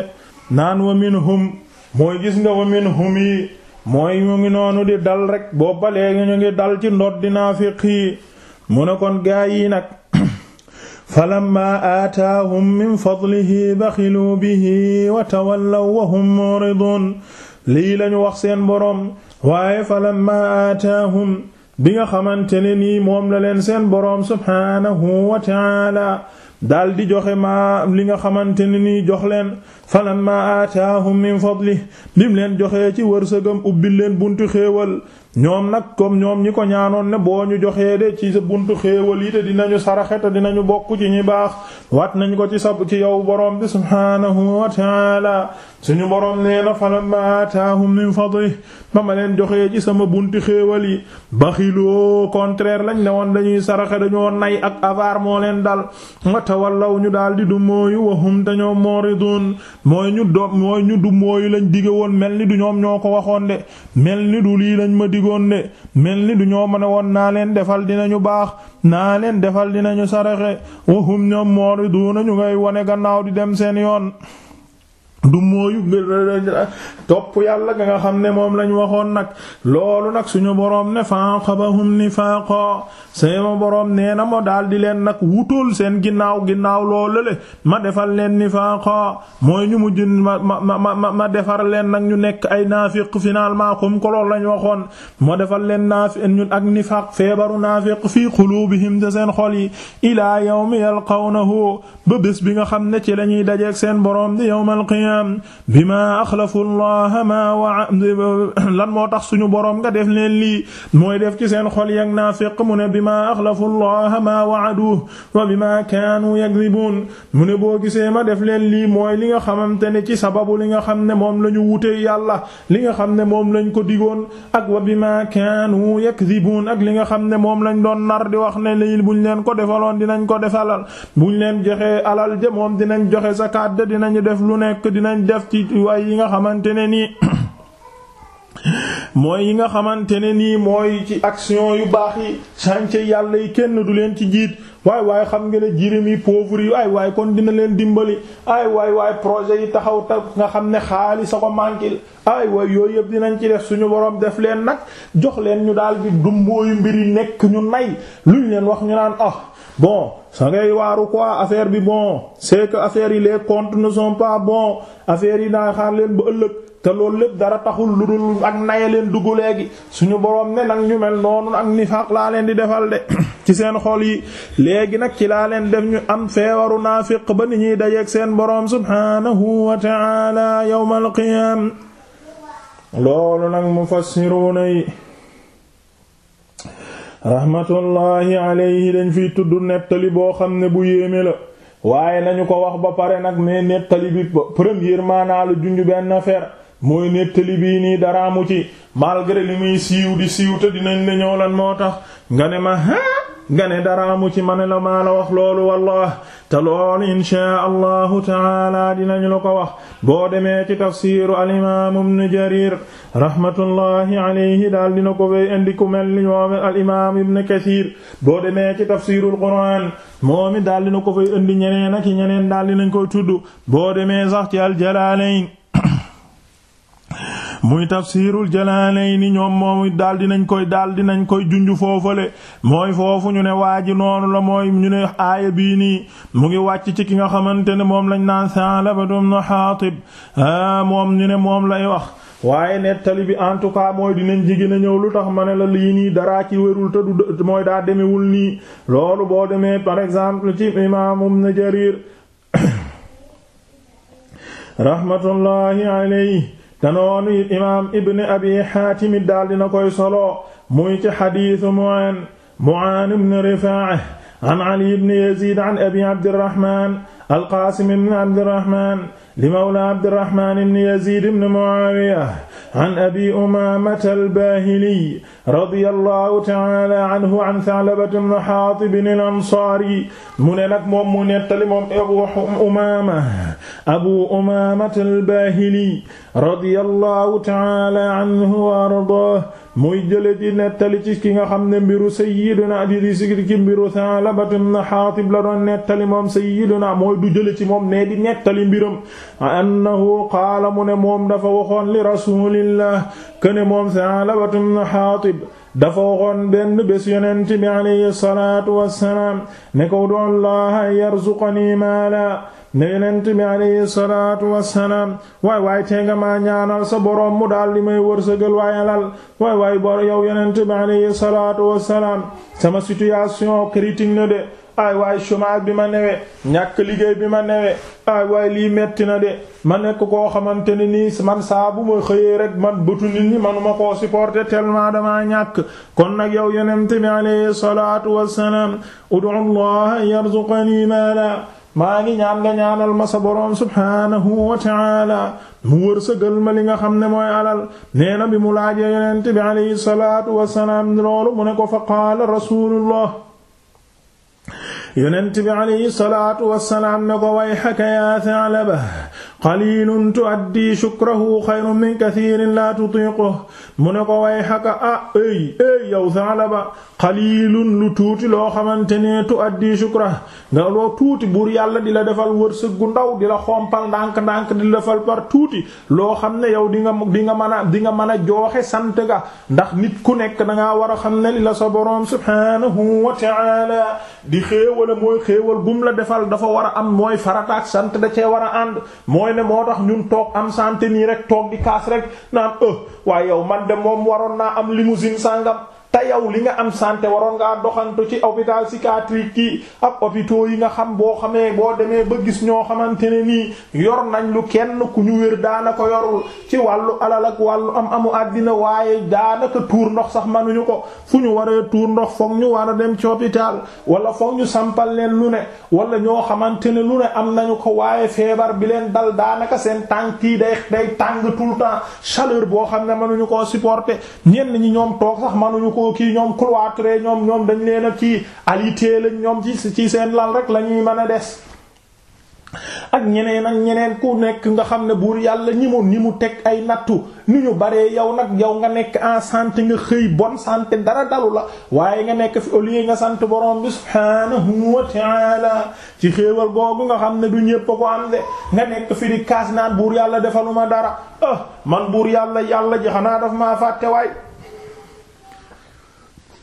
naan wa minhum mooy gis nga wa minhum yi mooy mu ngi noonu di dal rek booba léegi ñu ngi dal ci ndodd di naafiq yi mu ne kon gaa yi nag (clears throat) falamma aataahum min fadlihi baxilu bihi wa tawallaw wa hum muridun lii lañu wax seen boroom waaye falamma aataahum bi nga xamante ne nii moom la leen seen boroom subhaanahu wa taala daal di joxe maa li nga xamante ne nii jox leen falamma aataahum min fadli bi mu leen joxee ci wërsëgam ubbil leen buntu xéewal ñoom nag comme ñoom ñi ko ñaanoon ne boo ñu joxee de ci sa buntu xéewal yi te dinañu saraxe te dinañu bokk ci ñi baax wat nañ ko ci sa ci yow boroom bi subhaanahu wa taala suñu boroom nee na falamma aataahum min fadli ba ma leen joxee ci sama buntu xéewal yi baxiloo contraire lañ ne woon dañuy saraxe dañoo nay ak avaar moo leen dal wa tawallaw ñu daal di du mooyu wahum moo mooridun mooy ñu do mooy ñu du lañ dige woon mel ni du ñoom ñoo ko waxoon digoon de mel ni du ñoo mën a woon naa leen defal dinañu baax naa leen defal dinañu saraxe wahum ñoom du ñu ngay wone gannaaw di dem seen yoon du mooyu topp yàlla ga nga xam ne moom lañu waxoon nag loolu nag suñu boroom ne faqabahum nifaaqo sama boroom nee na moo daal di leen nag wutool seen ginnaaw ginnaaw loolu le ma defal leen ni nifaaqo mooy ñu mujj ma ma ma ma ma defar leen nag ñu nekk ay naafiq finalement comme que loolu waxoon ma defal leen naafiq ñun ak nifaaq feebaru naafiq fii quluubihim de seen xol yi ilaa yawmi yalqawnahu ba bés bi nga xam ne ci lañuy dajeek seen boroom dunya bima axlafu allah ma wa lan moo tax suñu boroom nga def leen lii mooy def ci seen xol yak naafiq mu ne bima axlafu allah ma wa'aduhu wa bima kaanu yakdhibuun mu ne boo gisee ma def leen lii mooy li nga xamante ne ci sababu li nga xam ne moom lañu wute yàlla li nga xam ne moom lañ ko digoon ak wa bima kaanu yakdhibuun ak li nga xam ne moom lañ doon nar di wax ne lii buñ leen ko defaloon dinañ ko defalal buñ leen joxe alal ja moom dinañ joxe zakat dinañu dinañ def ci way yi nga xamante ne nii (coughs) mooy yi nga xamante ne nii mooy ci action yu baax yi chantier yàlla yi kenn du leen ci jiit waay waaye xam nga ne jirim yi pauvre yu ay waay kon dina leen dimbali ay waay waay projet yi taxaw ta nga xam ne xaalis a ko manqué ay waay yooyu yëpp dinañ ci def suñu woroom def leen nag jox leen ñu daal di dumbooyu mbir yi nekk ñu nay luñ leen wax ñu naan ah bon sa ngay waaru ko affaire bi bon c'est que affaire yi les comptes son sont pas bons affaire yi naa leen ba ëllëg te loolu lépp dara taxul lu dul ak naye leen dugg léegi suñu boroom ne nag ñu mel noonu ak nifaaq laa leen di defal de (clears throat) ci seen xol yi léegi nag ci laa leen def ñu am feewaru naafiq ba ni ñuy dajeeg seen boroom subhanahu wa ta'ala yawmal qiyam loolu nag mufassiruna yi rahmatullahi alayhi dañ fiy tudd nettali boo xam ne bu yéeme la waaye nañu ko wax ba pare nag mais nettali bi premièrement naa la junj benn affaire mooy nettali bii nii daraamu ci malgré li muy siiw di siiw te dinañ la ñëw moo tax nga ne ma nga ne dara amu ci man la maa la wax loolu wallah te loolu inshaa allahu taala dinañu la ko wax boo demee ci tafsiru alimaam ibnu jarir rahmatullahi alayhi daal dina ko fay indi ku mel ni ñoom alimaam ibnu kasiir boo demee ci tafsirul quraan moomi daal dina ko fay indi ñeneen ak ñeneen daal dinañ koy tudd boo demee sax ci aljalaalayn muy tafsiirul jalaalayni ñoom moom daal dinañ koy daal di nañ koy junj foofale mooy foofu ñu ne waa ji noonu la mooy ñu ne aaya bii nii mu ngi wàcc ci ki nga xamante ne moom lañ naan Sa'laba ibn Haatib ah, moom ñu ne moom lay wax waaye nettali bi en tout cas mooy dinañ jigé na ñëw lu tax ma ne la lii nii dara ci wérul te mooy daa demewul nii loolu boo demee par exemple ci imaam Ibn Jarir (coughs) rahmatullahi alayhi te noonu it imaam ibn abi xaatim it daal dina koy solo muy ci xadiisu Mu'aan Mu'aan ibn Rifaa'a an Ali ibn Yaziid an abi Abdirahmaan al-Qaasim ibn Abdirahmaan li mawla Abdirahmaan ibn Yaziid ibn Mu'aawiya an abi Umaamata al-Baahili radiyallahu ta'ala anhu an Sa'labata ibn Haatib al-Ansaari mu ne nag moom mu nettali moom Abu Umaama Abu Umaama al-Baahili radiyallahu ta'ala anhu wa ardaahu muy jële ci nettali ci ki nga xam ne mbiru sayyiduna di di sikir ci mbiru Sa'labatu ibn Haatib la doon nettali moom sayyiduna mooy du jële ci moom ne di nettali mbiram annahu qaala mu ne moom dafa waxoon li rasulillah kene moom Sa'labatu ibn Haatib dafa waxoon benn bés yonent bi alayhi salaatu wassalaam ne ko ud'u Allaha yarzuqani maala ne yonent bi alayhi salaatu wassalaam waay waay tee nga maa ñaanal sa boroom mu daal li may wërsëgal waay alal waay waay bor yow yonent bi alayhi salaatu wassalaam sama situation critique na de ay waay chômage bi ma newee ñàkk liggéey bi ma newee ay waay lii metti na de ma nekk koo xamante ne nii man saabu bu ma xëyee rek man bëtu nit ñi manuma koo supporter tellement damaa ñàkk kon nag yow yonent bi alayhi salaatu wassalaam ud'u allaha yarzuqani mala maa ngi ñaan nga ñaanal ma sa boroom subhaanahu wa ta'ala mu wërsëgal ma li nga xam ne mooy alal nee na bi mu laajee yonent bi alayhi salaatu wassalaam loolu mu ne ko fa qaala rasuulullah yonent bi alayhi salaatu wassalaam ne ko way haka yaa Tha'laba tu qalilun tuaddi shukrahu xayrun min kathirin la tutiquhu mu ne ko way xaka ah ey ey yow Saalaba qalilun lu tuuti loo xamante ne tuaddi shukrah nga loo tuuti buur yàlla di la defal wërsëg gu ndaw di la xompal ndànk-ndànk di la defal par tuuti loo xam ne yow di nga di nga mën a di nga mën a jooxe sant ga ndax nit ku nekk dangaa war a xam ne li la sa boroom subhanahu wa ta'ala di xéewala mooy xéewal gum la defal dafa war a am mooy farataak sant da cee war a ànd mooy ne moo tax ñun toog am santé nii rek toog di kaas rek naan euh waaye yow man de moom waroon naa am limousine sangam te li nga am santé waroon ngaa doxantu ci hôpital psychiatrique yi ak hôpitaux yi nga xam boo xamee boo demee ba gis ñoo xamante ne nii yor nañ lu kenn ku ñu wér daanaka yor ci wàllu alalak ak am amu àddina waaye daanaka tuur ndox sax manuñu ko fu ñu waree tuur ndox foog ñu war a dem ci hôpital wala foog ñu sampal leen lu ne wala ñoo xamante ne lu ne am nañu ko waaye feebar bi leen dal daanaka seen tànk yi day day tàng tout le temps chaleur boo xam ne manuñu koo supporter ñenn ñi ñoo kii ñoom cloîtré ñoom ñoom dañ leen a kii alité lañ ñoom ci ci seen lal rek la ñuy mën a des ak ñeneen ak ñeneen ku nekk nga xam ne buur yàlla ñi mu ni mu teg ay nattu ni ñu baree yow nag yow nga nekk en santé nga xëy bon santé dara dalu la waaye nga nekk fi au lieu nga sant borom bi subhanahu wa ta'ala ci xéewal googu nga xam ne du ñépp ko am de nga nekk fi di kaas naan buur yàlla defaluma dara ah, man buur yàlla yàlla ji xanaa daf maa fàtte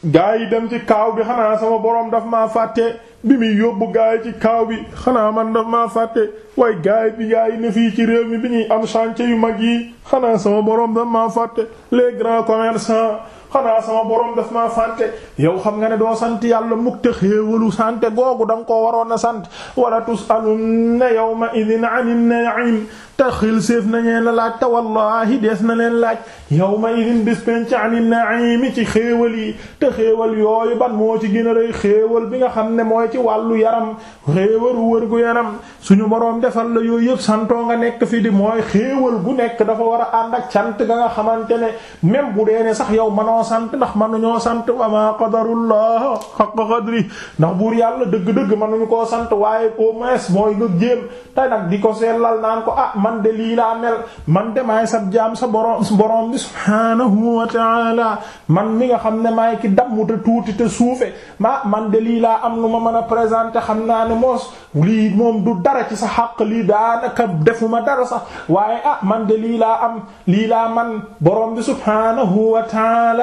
gaa yi dem ci kaaw bi xanaa sama boroom daf maa fàtte bi muy yóbbu gaa yi ci kaaw bi xanaa man daf maa fàtte waaye gaa yi bi gaa yi ne fii ci réew mi bi ñuy am chantier yu mag yi xanaa sama boroom daf maa fàtte les grands commerçants xanaa sama boroom daf maa fàtte yow xam nga ne doo sant yàlla mukk te xéewalu sante googu da nga koo waroon a sant wala tusalunna yawma idin anin na'im te xil séef nañeen la laaj te wallahi dees na leen laaj yawma idin bispenc anin na'im ci xéewal yi te xéewal yooyu ci gën a rëy xéewal bi nga xam ne mooy ci wàllu yaram xéewalu wër gu yaram suñu boroom defal la yooyu yëpp santoo nga nekk fi di mooy xéewal gu nekk dafa war a ànd ak cant ga nga xamante ne même bu dee ne sax yow manoo sant ndax mënuñoo sant wa ma qadarullah haqqa qadri ndax buur yàlla dëgg-dëgg mënuñu koo sant waaye au moins mooy nga jéem tey nag di ko seetlal naan ko ah man de lii laa mel man de maay sa jaam sa borom borom bi subhanahu wa ta'ala man mi nga xam ne maay ki damm te tuuti te suufe ma ah, man de lii laa am nu ma mën a présenter xam naa ne moos lii moom du dara ci sa xaq lii daanaka defuma dara sax waaye ah man de lii am lii man borom bi subhanahu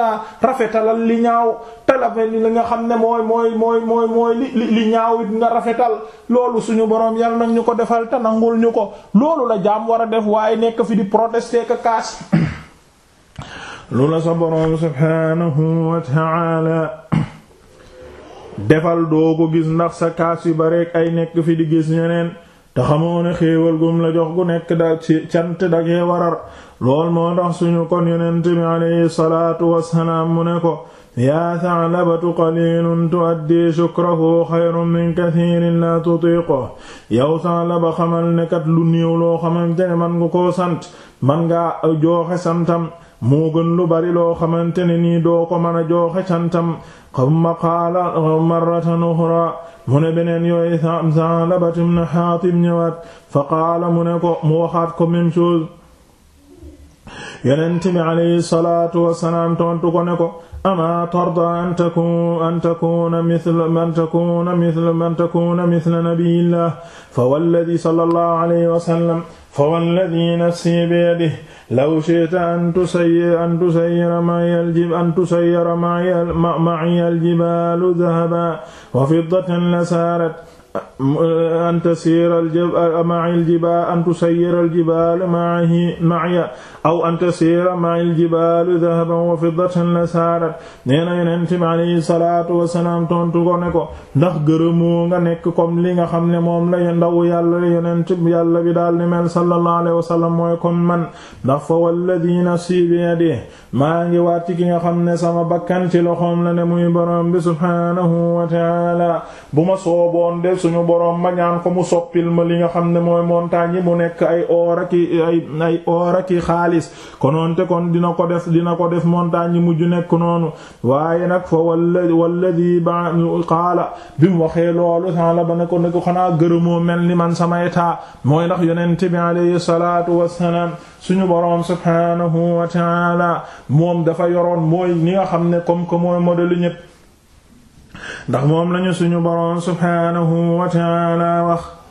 yaa rafetalal li ñaaw talafe li nga xam ne mooy mooy mooy mooy mooy li li ñaaw it nga rafetal loolu suñu boroom yal nag ñu ko defal te nangul ñu ko loolu la jaam war a def waaye nekk fi di protester ka kaas lu la sa boroom subhanahu wa ta'ala defal doo ko gis ndax sa kaas yu bareek ay nekk fi di gis ñeneen te xamoo ne xéewal gum la jox gu nekk da ci cant dagee warar lool moo tax suñu kon yonent bi alayhi salaatu wassalaam mu ne ko yaa thalabatu qalilun tuaddi shukrahu xayrun min kathirin la tutiqo yow thalaba xamal ne kat lu néew loo xamante ne man nga ko sant man nga jooxe santam moo gën lu bari loo xamante ne nii doo ko mën a jooxe cantam xamma qaala marratan uxra mu ne beneen yooyu Sa'labat ibn Haatib ñëwaat fa qaala mu ne ko mu waxaat ko même chose yonent bi tontu ko ne ko ama tarda an takuna an takuna mithla man takuna mithla man takuna mithla nabiyillah fawalladhi sallallahu alayhi wa sallam fawalladhi nafsi biyadihi law shi'ta an tusayyira an tusayyira ma'a an tusayyira ma'a ma'a al-jibalu dhahaban wa fiddatan la sarat an tasira ma'i al-jibaal an tusayyira al-jibaal ma'i ma'a aw an tasira ma'i al-jibaal dhahaban wa fiddatan la saarat nee na yonent mi alayhi salaatu wa salaam tontu ko ne ko ndax gërëmoo nga nekk comme li nga xam ne moom la ndaw yàlla la yonent yàlla bi daal ni mel sallallahu alayhi wa sallam mooy comme man ndax fa walladhi nafsi bi yadihi maa ngi waat ci ki nga xam ne sama bakkan ci loxoom la ne muy borom bi subhaanahu wa ta'aala bu ma sooboon def suñu boroom ma ñaan ko mu soppil ma li nga xam ne mooy montagne yi mu nekk ay or ak xaalis konoon te kon dina ko def dina ko def montagne yi mujj nekk noonu waaye nag fa walla walladi ba qaala bi mu waxee loolu san la ba ne ko ne ko xanaa gërëmoo mel ni man sama état mooy ndax yonent bi alayhi salaatu wassalaam suñu boroom subhaanahu wa taala moom dafa yoroon mooy ni nga xam ne comme que mooy modèle ñépp ndax moom lañu suñu boroom subhaanahu wa ta'aala wax